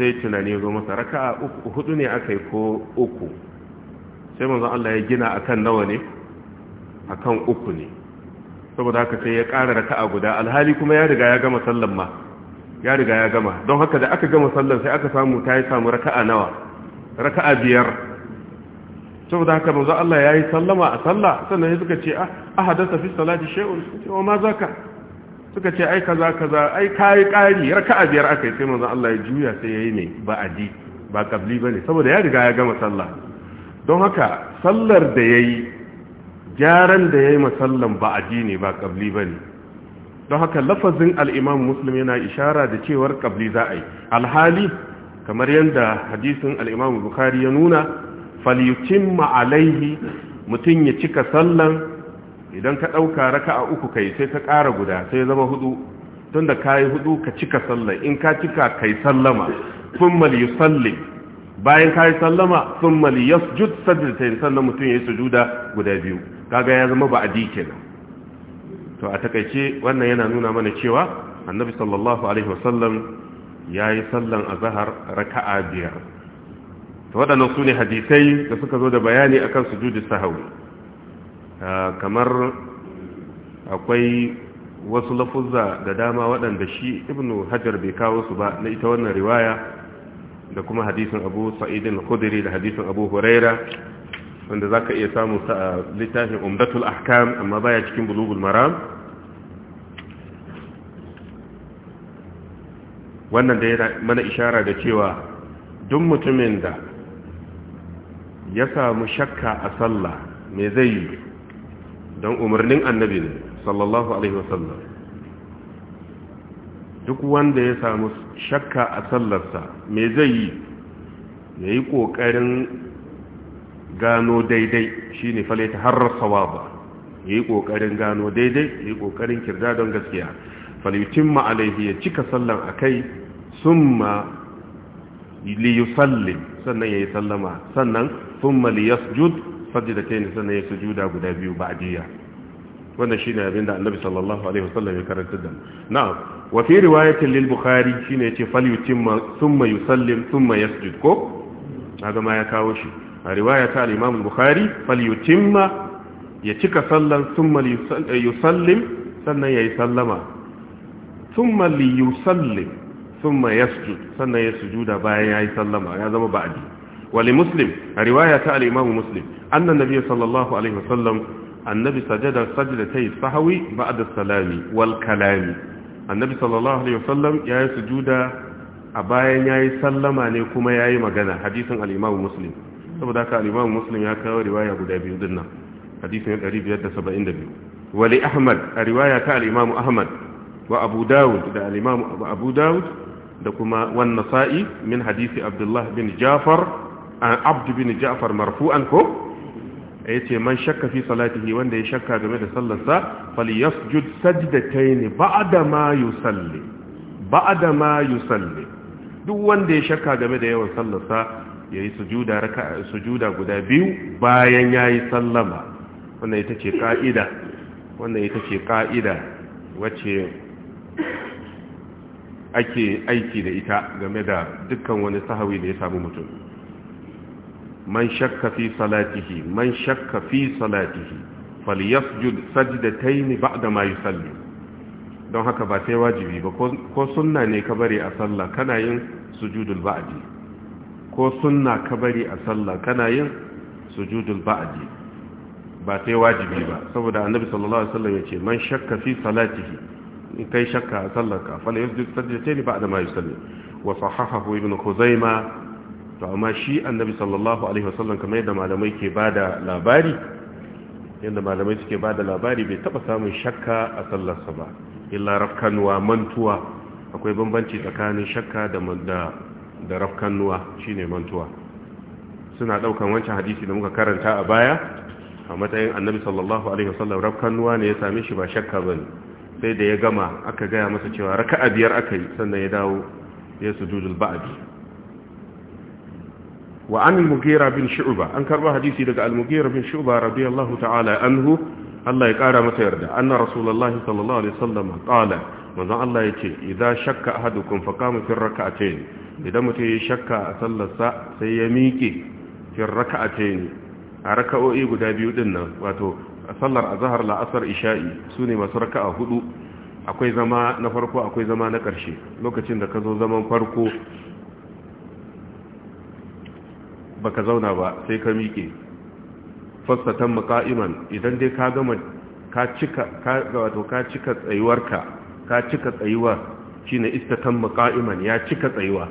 sai tunani zo masa raka'a uku hudu ne aka ko uku sai manzon Allah ya gina akan nawa ne akan uku ne saboda haka sai ya ƙara raka'a guda alhali kuma ya riga ya gama sallan ma ya riga ya gama don haka da aka gama sallan sai aka samu ta yi samu raka'a nawa raka'a biyar saboda haka manzon Allah ya yi sallama a sallah sannan suka ce ah ahadatha fi salati shay'un wa ma zaka suka ce ai kaza kaza ai kai kari raka'a biyar akai sai manzon Allah ya juya sai yayi ne ba adi ba kabli bane saboda ya riga ya gama sallah don haka sallar da ya yi gyaran da ya yi masallan ba ne ba ƙabli ba ne don haka lafazin al'imam muslim yana ishara da cewar ƙabli za a yi alhali kamar yadda hadisin al'imam bukari ya nuna falyucin ma'alaihi mutum ya cika sallan idan ka ɗauka raka a uku kai sai ka ƙara guda sai zama hudu tun da ka yi hudu ka cika sallan in ka cika kai sallama kun sallin bayan kayi sallama sun mali ya sujud sajdatain sannan mutum ya yi sujuda guda biyu kaga ya zama ba dike kenan to a takaice wannan yana nuna mana cewa annabi sallallahu alaihi wasallam ya yi sallan azahar raka'a biyar to waɗannan su ne hadisai da suka zo da bayani akan sujudi sahawi ah, kamar akwai wasu lafuzza da dama waɗanda shi ibnu hajar bai kawo su ba na ita wannan riwaya da kuma hadisin abu sa'idin khudiri da hadisin abu huraira wanda za ka iya samun sa a littafin umdatul ahkam amma baya cikin bulugul maram wannan da yana mana ishara da cewa duk mutumin da ya samu shakka a sallah me zai yi don umarnin annabi sallallahu alaihi wasallam duk wanda ya samu shakka a sallarsa me zai yi ya yi ƙoƙarin gano daidai shi ne fale ta harar ba, ya yi ƙoƙarin gano daidai ya yi ƙoƙarin kirda don gaskiya falitin ma'alaihi ya cika sallar a kai sun ma liyusallim sannan ya yi sallama sannan sun ma liyasjud sajida sannan ya yi sujuda guda biyu ba jiya wanda shine abin da annabi sallallahu alaihi wasallam ya karantar da mu. na'am wa fi riwayatin lil bukhari shine yace falyutimma thumma yusallim thumma yasjud ko kaga ma ya kawo shi a riwaya ta al-imam bukhari falyutimma ya cika sallan thumma yusallim sannan yayi sallama thumma liyusallim thumma yasjud sannan ya sujuda bayan yayi sallama ya zama ba'di wa li muslim a riwaya ta al-imam muslim anna nabiyyu sallallahu alaihi wasallam annabi sajada sajdatay sahwi da salami wal kalami annabi sallallahu alaihi wasallam yayi sujuda a bayan ya yi sallama ne kuma ya yi magana hadisin al-Imam Muslim saboda haka al-Imam Muslim ya kawo riwaya guda biyu dinnan hadisin 572 wa li Ahmad a riwaya ta al Ahmad wa Abu Dawud da al Abu Dawud da kuma wan Nasa'i min hadisi Abdullah bin Ja'far an Abd bin Ja'far marfu'an ko yace man shakka fi salatihi wanda ya shakka game da sallarsa falyasjud sajdatayn ba'da ma yusalli ba'da ma yusalli duk wanda ya shakka game da yawan sallarsa yayi sujuda raka'a sujuda guda biyu bayan yayi sallama wannan ita ce ka'ida wannan ita ce ka'ida wacce ake aiki da ita game da dukkan wani sahawi da ya samu mutum man shakka fi salatihi man shakka fi salatihi falyasjud sajdatayn ba'da ma yusalli don haka ba sai wajibi ba ko sunna ne ka bari a sallah kana yin sujudul ba'di ko sunna ka bari a sallah kana yin sujudul ba'di ba sai wajibi ba saboda annabi sallallahu alaihi wasallam yace man shakka fi salatihi in kai shakka a sallarka falyasjud sajdatayn ba'da ma yusalli wa sahahahu ibn khuzaimah to amma shi annabi sallallahu alaihi wasallam kamar yadda malamai ke bada labari yadda malamai suke bada labari bai taba samun shakka a sallarsa ba illa rafkanuwa mantuwa akwai bambanci tsakanin shakka da da da rafkanuwa shine mantuwa suna daukan wancan hadisi da muka karanta a baya a matsayin annabi sallallahu alaihi wasallam rafkanuwa ne ya same shi ba shakka bane sai da ya gama aka gaya masa cewa raka'a biyar aka yi sannan ya dawo ya sujudul ba'di wa an al bin shu'ba an karba hadisi daga al-mughira bin shu'ba radiyallahu ta'ala anhu Allah ya kara masa yarda anna rasulullahi sallallahu alaihi wasallam qala manzo Allah yace idza shakka ahadukum faqama fi rak'atayn idan mutum ya shakka a sallarsa sai ya miƙe fi rak'atayn a raka'o'i guda biyu din nan wato sallar azahar la'asar isha'i sune masu raka'a hudu akwai zama na farko akwai zama na ƙarshe lokacin da ka zo zaman farko baka zauna ba sai ka miƙe fassatan muqa'iman idan dai ka gama ka cika ka gawato ka cika tsayuwarka ka cika tsayuwa shine istatan muqa'iman ya cika tsayuwa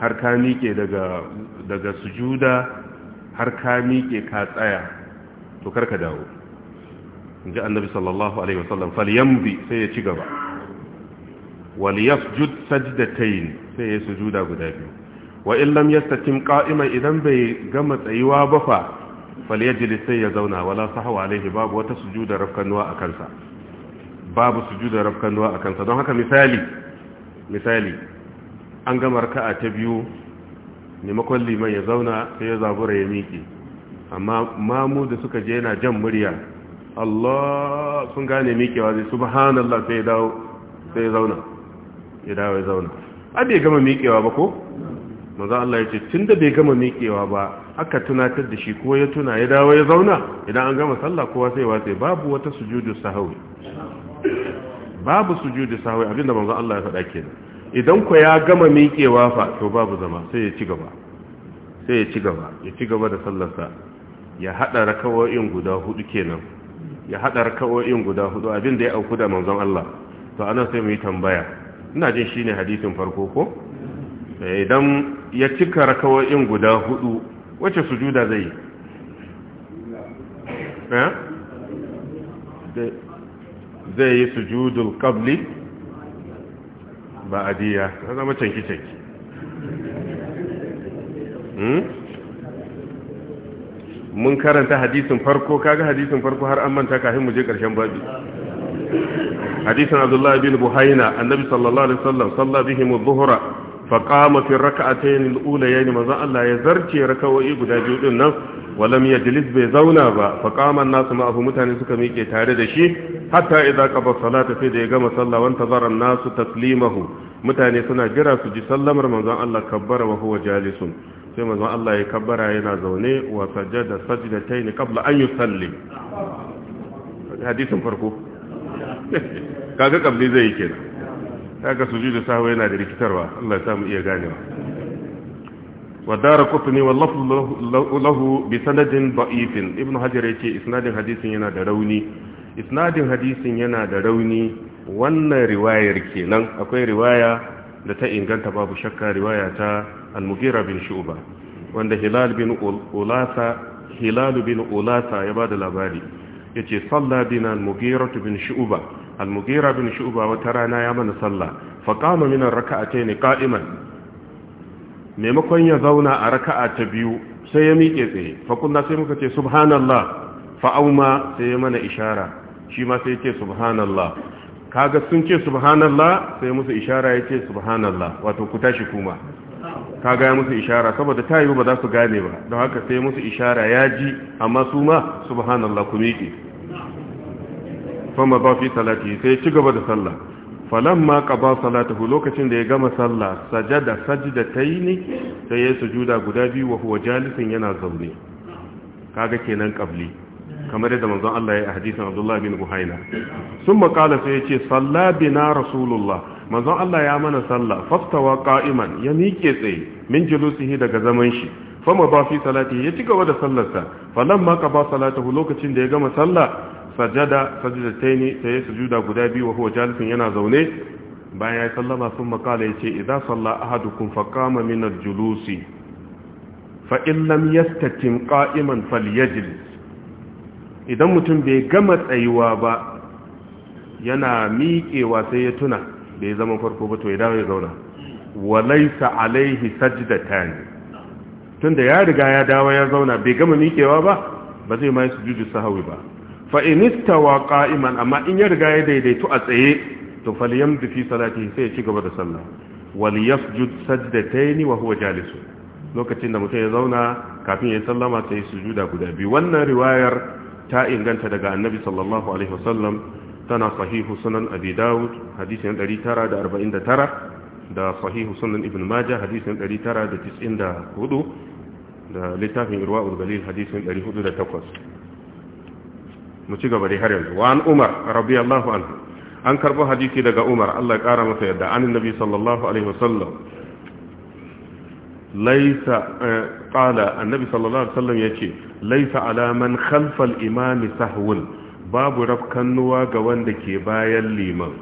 har ka miƙe daga daga sujuda har ka miƙe ka tsaya to karka dawo inji annabi sallallahu alaihi wasallam falyambi sai ya ci gaba wal yasjud sajdatayn sai ya sujuda guda biyu wa in lam yastatim qa'iman idan bai gama tsayuwa ba fa falyajlis sai ya zauna wala sahwa alaihi babu wata sujuda rafkanuwa a kansa babu sujuda rafkanuwa a kansa don haka misali misali an gama raka'a ta biyu ne maimakon mai ya zauna sai ya zabura ya miƙe amma mamu da suka je yana jan murya Allah sun gane miƙewa zai subhanallah sai ya dawo sai ya zauna ya dawo ya zauna a bai gama miƙewa ba ko maza Allah ya ce tun da bai gama miƙewa ba aka tunatar da shi ko ya tuna ya dawo ya zauna idan an gama sallah kowa sai watsa babu wata sujudu sahwi babu sujudu sahwi abinda maza Allah ya faɗa kenan idan ku ya gama miƙewa fa to babu zama sai ya ci gaba sai ya ci gaba ya ci gaba da sallarsa ya haɗa rakawoyin guda hudu kenan ya haɗa rakawoyin guda hudu abinda ya auku da manzon Allah to anan sai mu yi tambaya ina jin shine hadisin farko ko Eh, idan ya cika rakawo'in guda hudu wace sujuda zai yi eh? zai yi sujudul qabli ba adiya na zama canki-canki hmm? mun karanta hadisin farko kaga hadisin farko har an manta kafin mu je karshen babi hadisin abdullahi bin buhaina annabi sallallahu alaihi wasallam salla bihi adh-dhuhra faƙama fi raka a tayin ula ya ne mazan Allah ya zarce rakawai guda biyu din nan walam ya jilis bai zauna ba faƙaman nasu ma'afu mutane suka miƙe tare da shi hatta idan ka ba sai da ya gama sallah wani tazaran nasu taslimahu mutane suna gira su ji sallamar mazan Allah kabbara wa jalisun sai mazan Allah ya kabbara yana zaune wa sajjada sajjada tayin kabla an yi salli hadisin farko kaga kabli zai yi kenan kaga sujudu sahwi yana da rikitarwa Allah ya samu iya ganewa wa dara qutni wa lafzu lahu bi sanadin da'ifin ibn hajar yake isnadin hadisin yana da rauni isnadin hadisin yana da rauni wannan riwayar kenan akwai riwaya da ta inganta babu shakka riwaya ta al-mughira bin shu'ba wanda hilal bin ulasa hilal bin ulasa ya bada labari yace salladin al-mughira bin shu'ba al-mughira bin shu'ba wata rana ya mana sallah fa qama min ar-rak'atayn qa'iman maimakon ya zauna a raka'a ta biyu sai ya miƙe tsaye fa kunna sai muka ce subhanallah fa auma sai ya mana ishara shi ma sai ya ce subhanallah kaga sun ce subhanallah sai musu ishara ya ce subhanallah wato ku tashi kuma kaga ya musu ishara saboda ta yiwu ba za su gane ba don haka sai musu ishara ya ji amma su ma subhanallah ku miƙe fama ba fi salati sai ci gaba da sallah falamma qaba salatahu lokacin da ya gama sallah sajada sajdataini sai ya sujuda guda biyu wa huwa jalisin yana zaune kaga kenan qabli kamar yadda manzon Allah ya yi a hadisin Abdullah bin Buhaina Sun makala sai ya ce salla bina rasulullah manzon Allah ya mana sallah fastawa qa'iman ya miƙe tsaye min julusihi daga zaman shi fama ba fi salati ya ci gaba da sallarsa falamma qaba salatahu lokacin da ya gama sallah sajada sajadataini sai sujuda guda biyu wa huwa yana zaune bayan ya sallama sun makala yace idza salla ahadukum faqama min al-julusi fa in lam yastakim qa'iman idan mutum bai gama tsayuwa ba yana miƙewa sai ya tuna bai zama farko ba to ya dawo ya zauna walaisa alaihi sajdatan tunda ya riga ya dawo ya zauna bai gama miƙewa ba ba zai mai sujudu sahawi ba fa in istawa qa'iman amma in ya riga ya daidaitu a tsaye to falyamdu fi salati sai ya ci gaba da sallah wal yasjud sajdatayn wa huwa jalis lokacin da mutum ya zauna kafin ya sallama sai sujuda guda biyu wannan riwayar ta inganta daga annabi sallallahu alaihi wasallam tana sahihu sunan abi daud hadisin 949 da sahihu sunan ibn majah hadisin 994 da littafin irwaul galil hadisin 408 mu ci gaba dai har yanzu wa an umar radiyallahu anhu an karbo hadisi daga umar Allah ya kara masa yadda an nabi sallallahu alaihi wasallam laisa eh, qala annabi sallallahu alaihi wasallam yace laisa ala man khalfa al-imam sahwun babu rafkan nuwa ga wanda ke bayan liman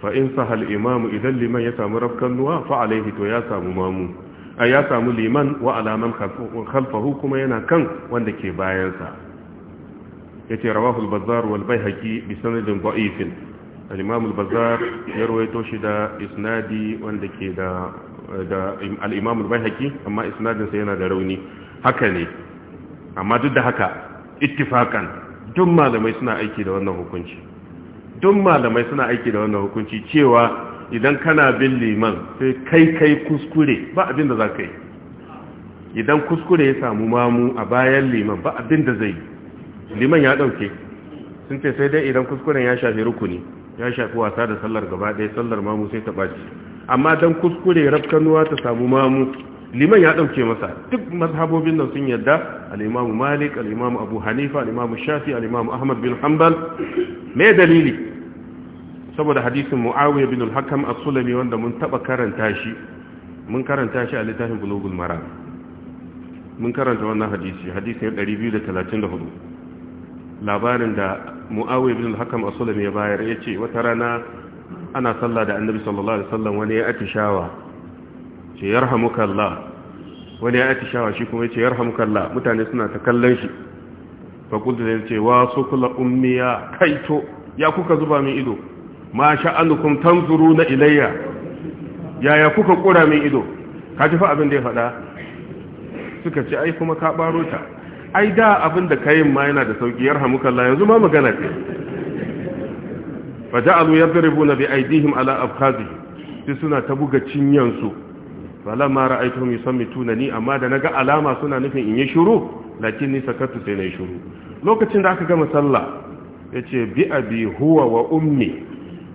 fa in sahal imam idan liman ya samu rafkan nuwa fa alaihi to ya samu mamu a eh, ya samu liman wa alaman khalfahu kuma yana kan wanda ke bayansa yace rawahu al-bazzar wal baihaqi bi sanadin da'ifin al-imam al-bazzar ya shi da isnadi wanda ke da da al-imam al amma isnadin yana da rauni haka ne amma duk da haka ittifakan duk malamai suna aiki da wannan hukunci duk malamai suna aiki da wannan hukunci cewa idan kana bin liman sai kai kai kuskure ba abin da za ka yi idan kuskure ya samu mamu a bayan liman ba abin da zai yi liman ya dauke sun ce sai dai idan kuskuren ya shafi rukuni ya shafi wasa da sallar gaba ɗaya sallar mamu sai ta ɓaci amma don kuskure rafkanuwa ta samu mamu liman ya ɗauke masa duk mazhabobin nan sun yadda al'imamu malik al'imamu abu hanifa al'imamu shafi al'imamu ahmad bin hanbal mai dalili saboda hadisin mu'awiyar bin al-hakam as sulami wanda mun taɓa karanta shi mun karanta shi a littafin bulogul mara mun karanta wannan hadisi hadisi 234 labarin da mu'awai bin a sulami ya bayar ya ce wata rana ana salla da annabi sallallahu alaihi wasallam wani ya atishawa ce yarhamukallah wani ya atishawa shi kuma ya ce yarhamukallah mutane suna ta kallon shi fa kullu ya ce wa su sukula ummiya kaito ya kuka zuba min ido ma sha'anukum tanzuruna ilayya yaya kuka kura min ido ka ji fa abin da ya faɗa suka ce ai kuma ka baro ta ai da abin da kayin ma yana da sauki yarhamuka Allah yanzu ma magana ce ja'alu yadribuna bi aydihim ala afkhazihim sai suna ta buga cinyan su falamma ra'aytuhum tunani, amma da naga alama suna nufin in yi shiru lakin ni sakatu sai na yi shiru lokacin da aka gama sallah yace bi abi huwa wa ummi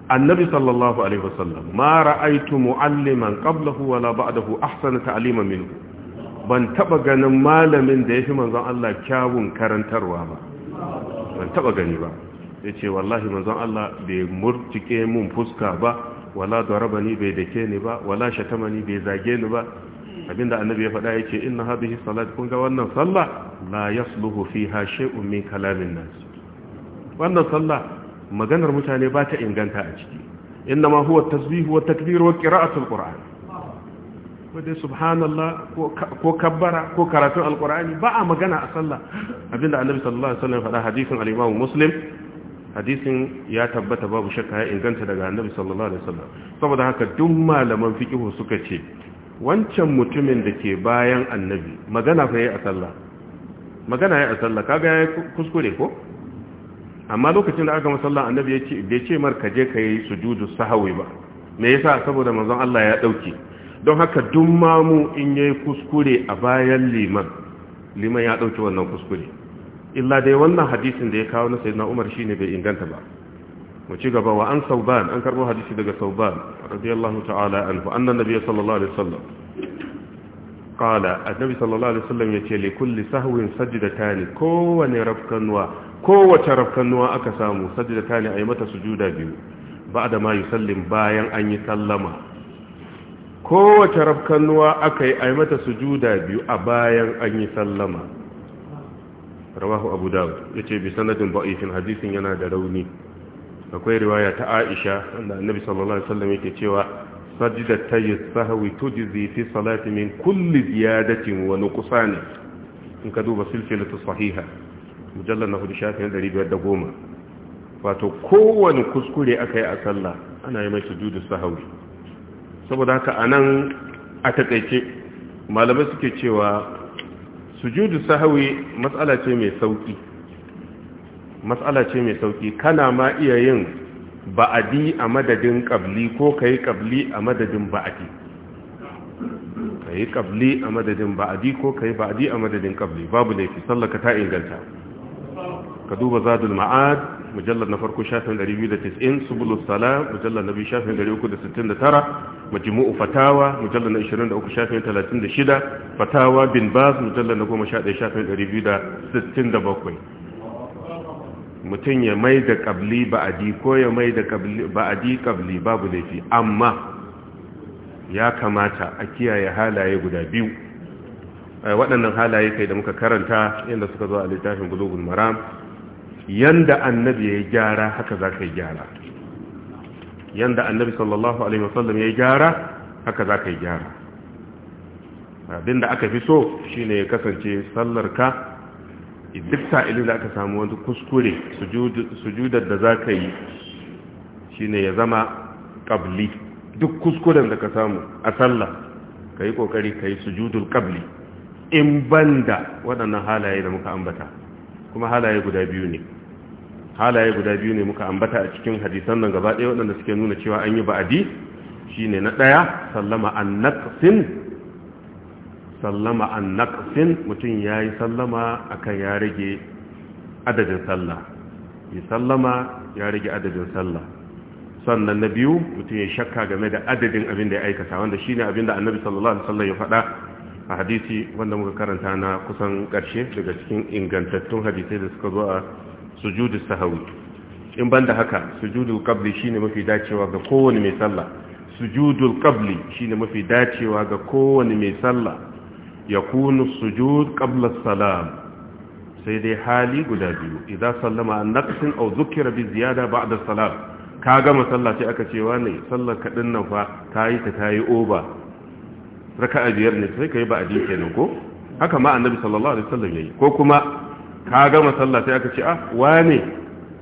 annabi sallallahu alaihi wasallam ma ra'aytu mu'alliman qablahu wala ba'dahu ahsana ta'liman minhu ban taba ganin malamin da ya fi manzon Allah kyawun karantarwa ba ban taba gani ba ya ce wallahi manzon Allah bai murtike mun fuska ba wala daraba ni bai dake ni ba wala shatamani ni bai zage ni ba abinda annabi ya faɗa yake inna hadhihi salat kun ga wannan sallah la yasluhu fiha shay'un min kalamin nas wannan sallah maganar mutane ba ta inganta a ciki inna ma huwa tasbihu wa takbir wa qira'atul qur'an ko dai subhanallah ko kabbara ko karatun alkur'ani ba a magana a sallah abinda annabi sallallahu alaihi wasallam faɗa hadisin al-Imam Muslim hadisin ya tabbata babu shakka ya inganta daga annabi sallallahu alaihi wasallam saboda haka duk malaman fiqh suka ce wancan mutumin da ke bayan annabi magana fa yayi a sallah magana yayi a sallah kaga yayi kuskure ko amma lokacin da aka masallan annabi ya ce bai ce mar ka je kai sujudu sahwi ba me yasa saboda manzon Allah ya dauke don haka duk mamu in yi kuskure a bayan liman liman ya ɗauki wannan kuskure illa dai wannan hadisin da ya kawo na sayyidina Umar shi ne bai inganta ba mu ci gaba wa an sauban an karbo hadisi daga sauban radiyallahu ta'ala anhu anna nabiy sallallahu alaihi wasallam qala annabi sallallahu alaihi wasallam yace li kulli sahwin sajdatani kowane rafkanwa kowace rafkanwa aka samu sajdatani ayi mata sujuda biyu ba'da ma yusallim bayan an yi sallama kowace rafkannuwa aka yi mata sujuda biyu a bayan an yi sallama rawahu abu dawud ya ce bi sanadin ba'ifin hadisin yana da rauni akwai riwaya ta aisha wanda annabi sallallahu alaihi wasallam yake cewa sajdat tayyis sahwi tujzi fi salati min kulli ziyadatin wa nuqsan in ka duba silsilatu sahiha mujallar na hudu shafin goma. wato kowane kuskure aka yi a sallah ana yi mai sujudu sahwi saboda haka a nan a takaice malamai suke cewa sujudu sahawi matsala ce mai sauki matsala ce mai sauki kana ma iya yin ba'adi a madadin ƙabli ko ka yi ƙabli a madadin ba'adi ka yi ƙabli a madadin ba'adi ko ka yi ba'adi a madadin ƙabli babu laifi sallaka ta inganta ka duba zadul ma'ad mujallar na farko shafin 290 subulus salam mujallar na biyu shafin Majimu'u fatawa mujallal na 23 shafin 36 fatawa bin baz mujallal na 11 shafin 267 mutum ya mai da kabli ba'adi ko ya mai da ba'adi kabli babu laifi amma ya kamata a kiyaye halaye guda biyu eh, waɗannan halaye kai da muka karanta yadda suka zo a littafin bulugul maram Yadda annabi ya yi gyara haka za ka yi gyara yanda annabi sallallahu alaihi wasallam ya yi gyara haka za ka yi gyara abinda aka fi so shine ya kasance sallarka duk sa'ilin da aka samu wani kuskure sujudar da za ka yi shine ya zama ƙabli duk kuskuren da ka samu a sallah ka yi ƙoƙari ka yi sujudul ƙabli in banda waɗannan halaye da muka ambata kuma halaye guda biyu ne halaye guda biyu ne muka ambata a cikin hadisan nan gaba ɗaya waɗanda suke nuna cewa an yi ba'adi shine na ɗaya sallama an naƙasin sallama an naqsin mutum yi sallama akan ya rage adadin sallah yi sallama ya rage adadin sallah sannan na biyu mutum ya shakka game da adadin abin da ya aikata wanda shine abin da annabi sallallahu alaihi wasallam ya faɗa a hadisi wanda muka karanta na kusan ƙarshe daga cikin ingantattun hadisai da suka zo a sujudu sahawi in banda haka sujudu qabli shine mafi dacewa ga kowane mai sallah sujudu qabli shine mafi dacewa ga kowane mai sallah yakunu sujud qabla salam sai dai hali guda biyu idan sallama an naqsin aw zukira bi ziyada ba'da salam ka gama sallah sai aka cewa ne sallar ka dinnan fa tayi ta tayi oba raka'a biyar ne sai kai ba adin kenan ko haka ma annabi sallallahu alaihi wasallam yayi ko kuma ka gama sallah sai aka ce a ah, wane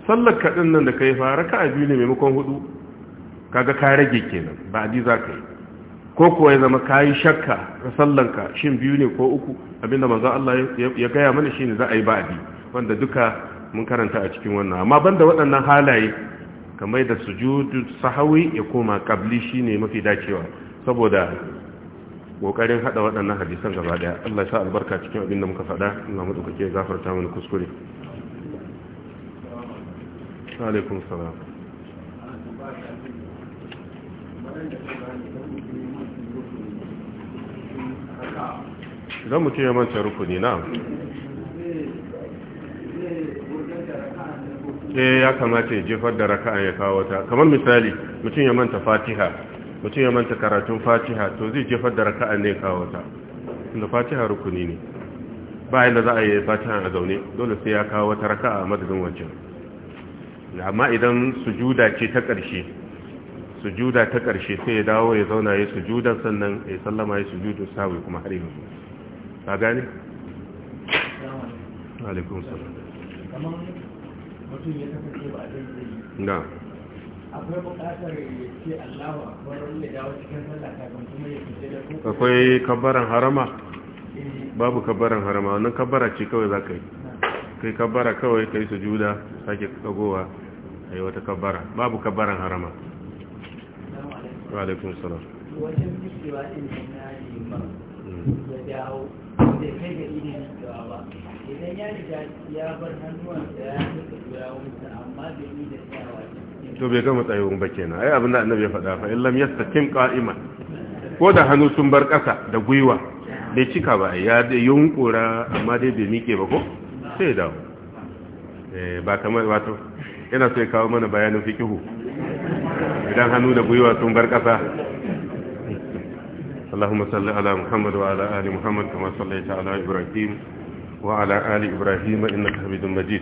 sallar kaɗin nan da ka yi fara raka'a biyu ne maimakon hudu kaga ka rage kenan ba adi za ka yi ko kuwa ya zama kayi shakka ga ka shin biyu ne ko uku abinda manzo Allah ya gaya mana shine za a yi ba'adi wanda duka mun karanta a cikin wannan amma banda waɗannan halaye kamar da sujudu sahawi ya koma qabli shine mafi dacewa saboda kokarin haɗa waɗannan hadisan gaba daya Allah ya sa albarka cikin abin da muka faɗa Allah mu dauke ya gafarta mana kuskure alaikum salam idan mutum ya manta rukuni na eh ya kamata ya jefar da raka'an ya kawo ta kamar misali mutum ya manta fatiha mutum ya manta karatun fatiha to zai jefar da raka'a ne kawo ta inda fatiha rukuni ne ba yadda za a yi fatiha a zaune dole sai ya kawo wata raka'a a madadin wancan amma idan sujuda ce ta ƙarshe sujuda ta ƙarshe sai ya dawo ya zauna ya sujudan sannan ya sallama ya sujudu sawi kuma har yanzu ka gane na akwai bukatar ce Allahu akbar wanda dawo cikin sallah kafin kuma ya fice da ku akwai kabbaran harama eh. babu kabbaran harama wannan kabbara ce kawai za ka yi kai kabbara kawai kai sujuda sake kagowa yi wata kabbara babu kabbaran harama wa alaikum salam wajen fitowa din na liman da hmm. dawo da kai da idan ba idan ya riga ya bar hannuwan da ya rika yawon amma da ni da tsawa to bai gama tsayuwan ba kenan ai abinda annabi ya faɗa fa illam yastakim qa'iman ko da hannu sun bar ƙasa da gwiwa bai cika ba ya da yunkura amma dai bai mike ba ko sai dawo eh ba kamar wato ina so ya kawo mana bayanin fikihu idan hannu da gwiwa sun bar ƙasa اللهم صل على محمد وعلى آل محمد كما صليت على إبراهيم وعلى آل إبراهيم إنك حميد مجيد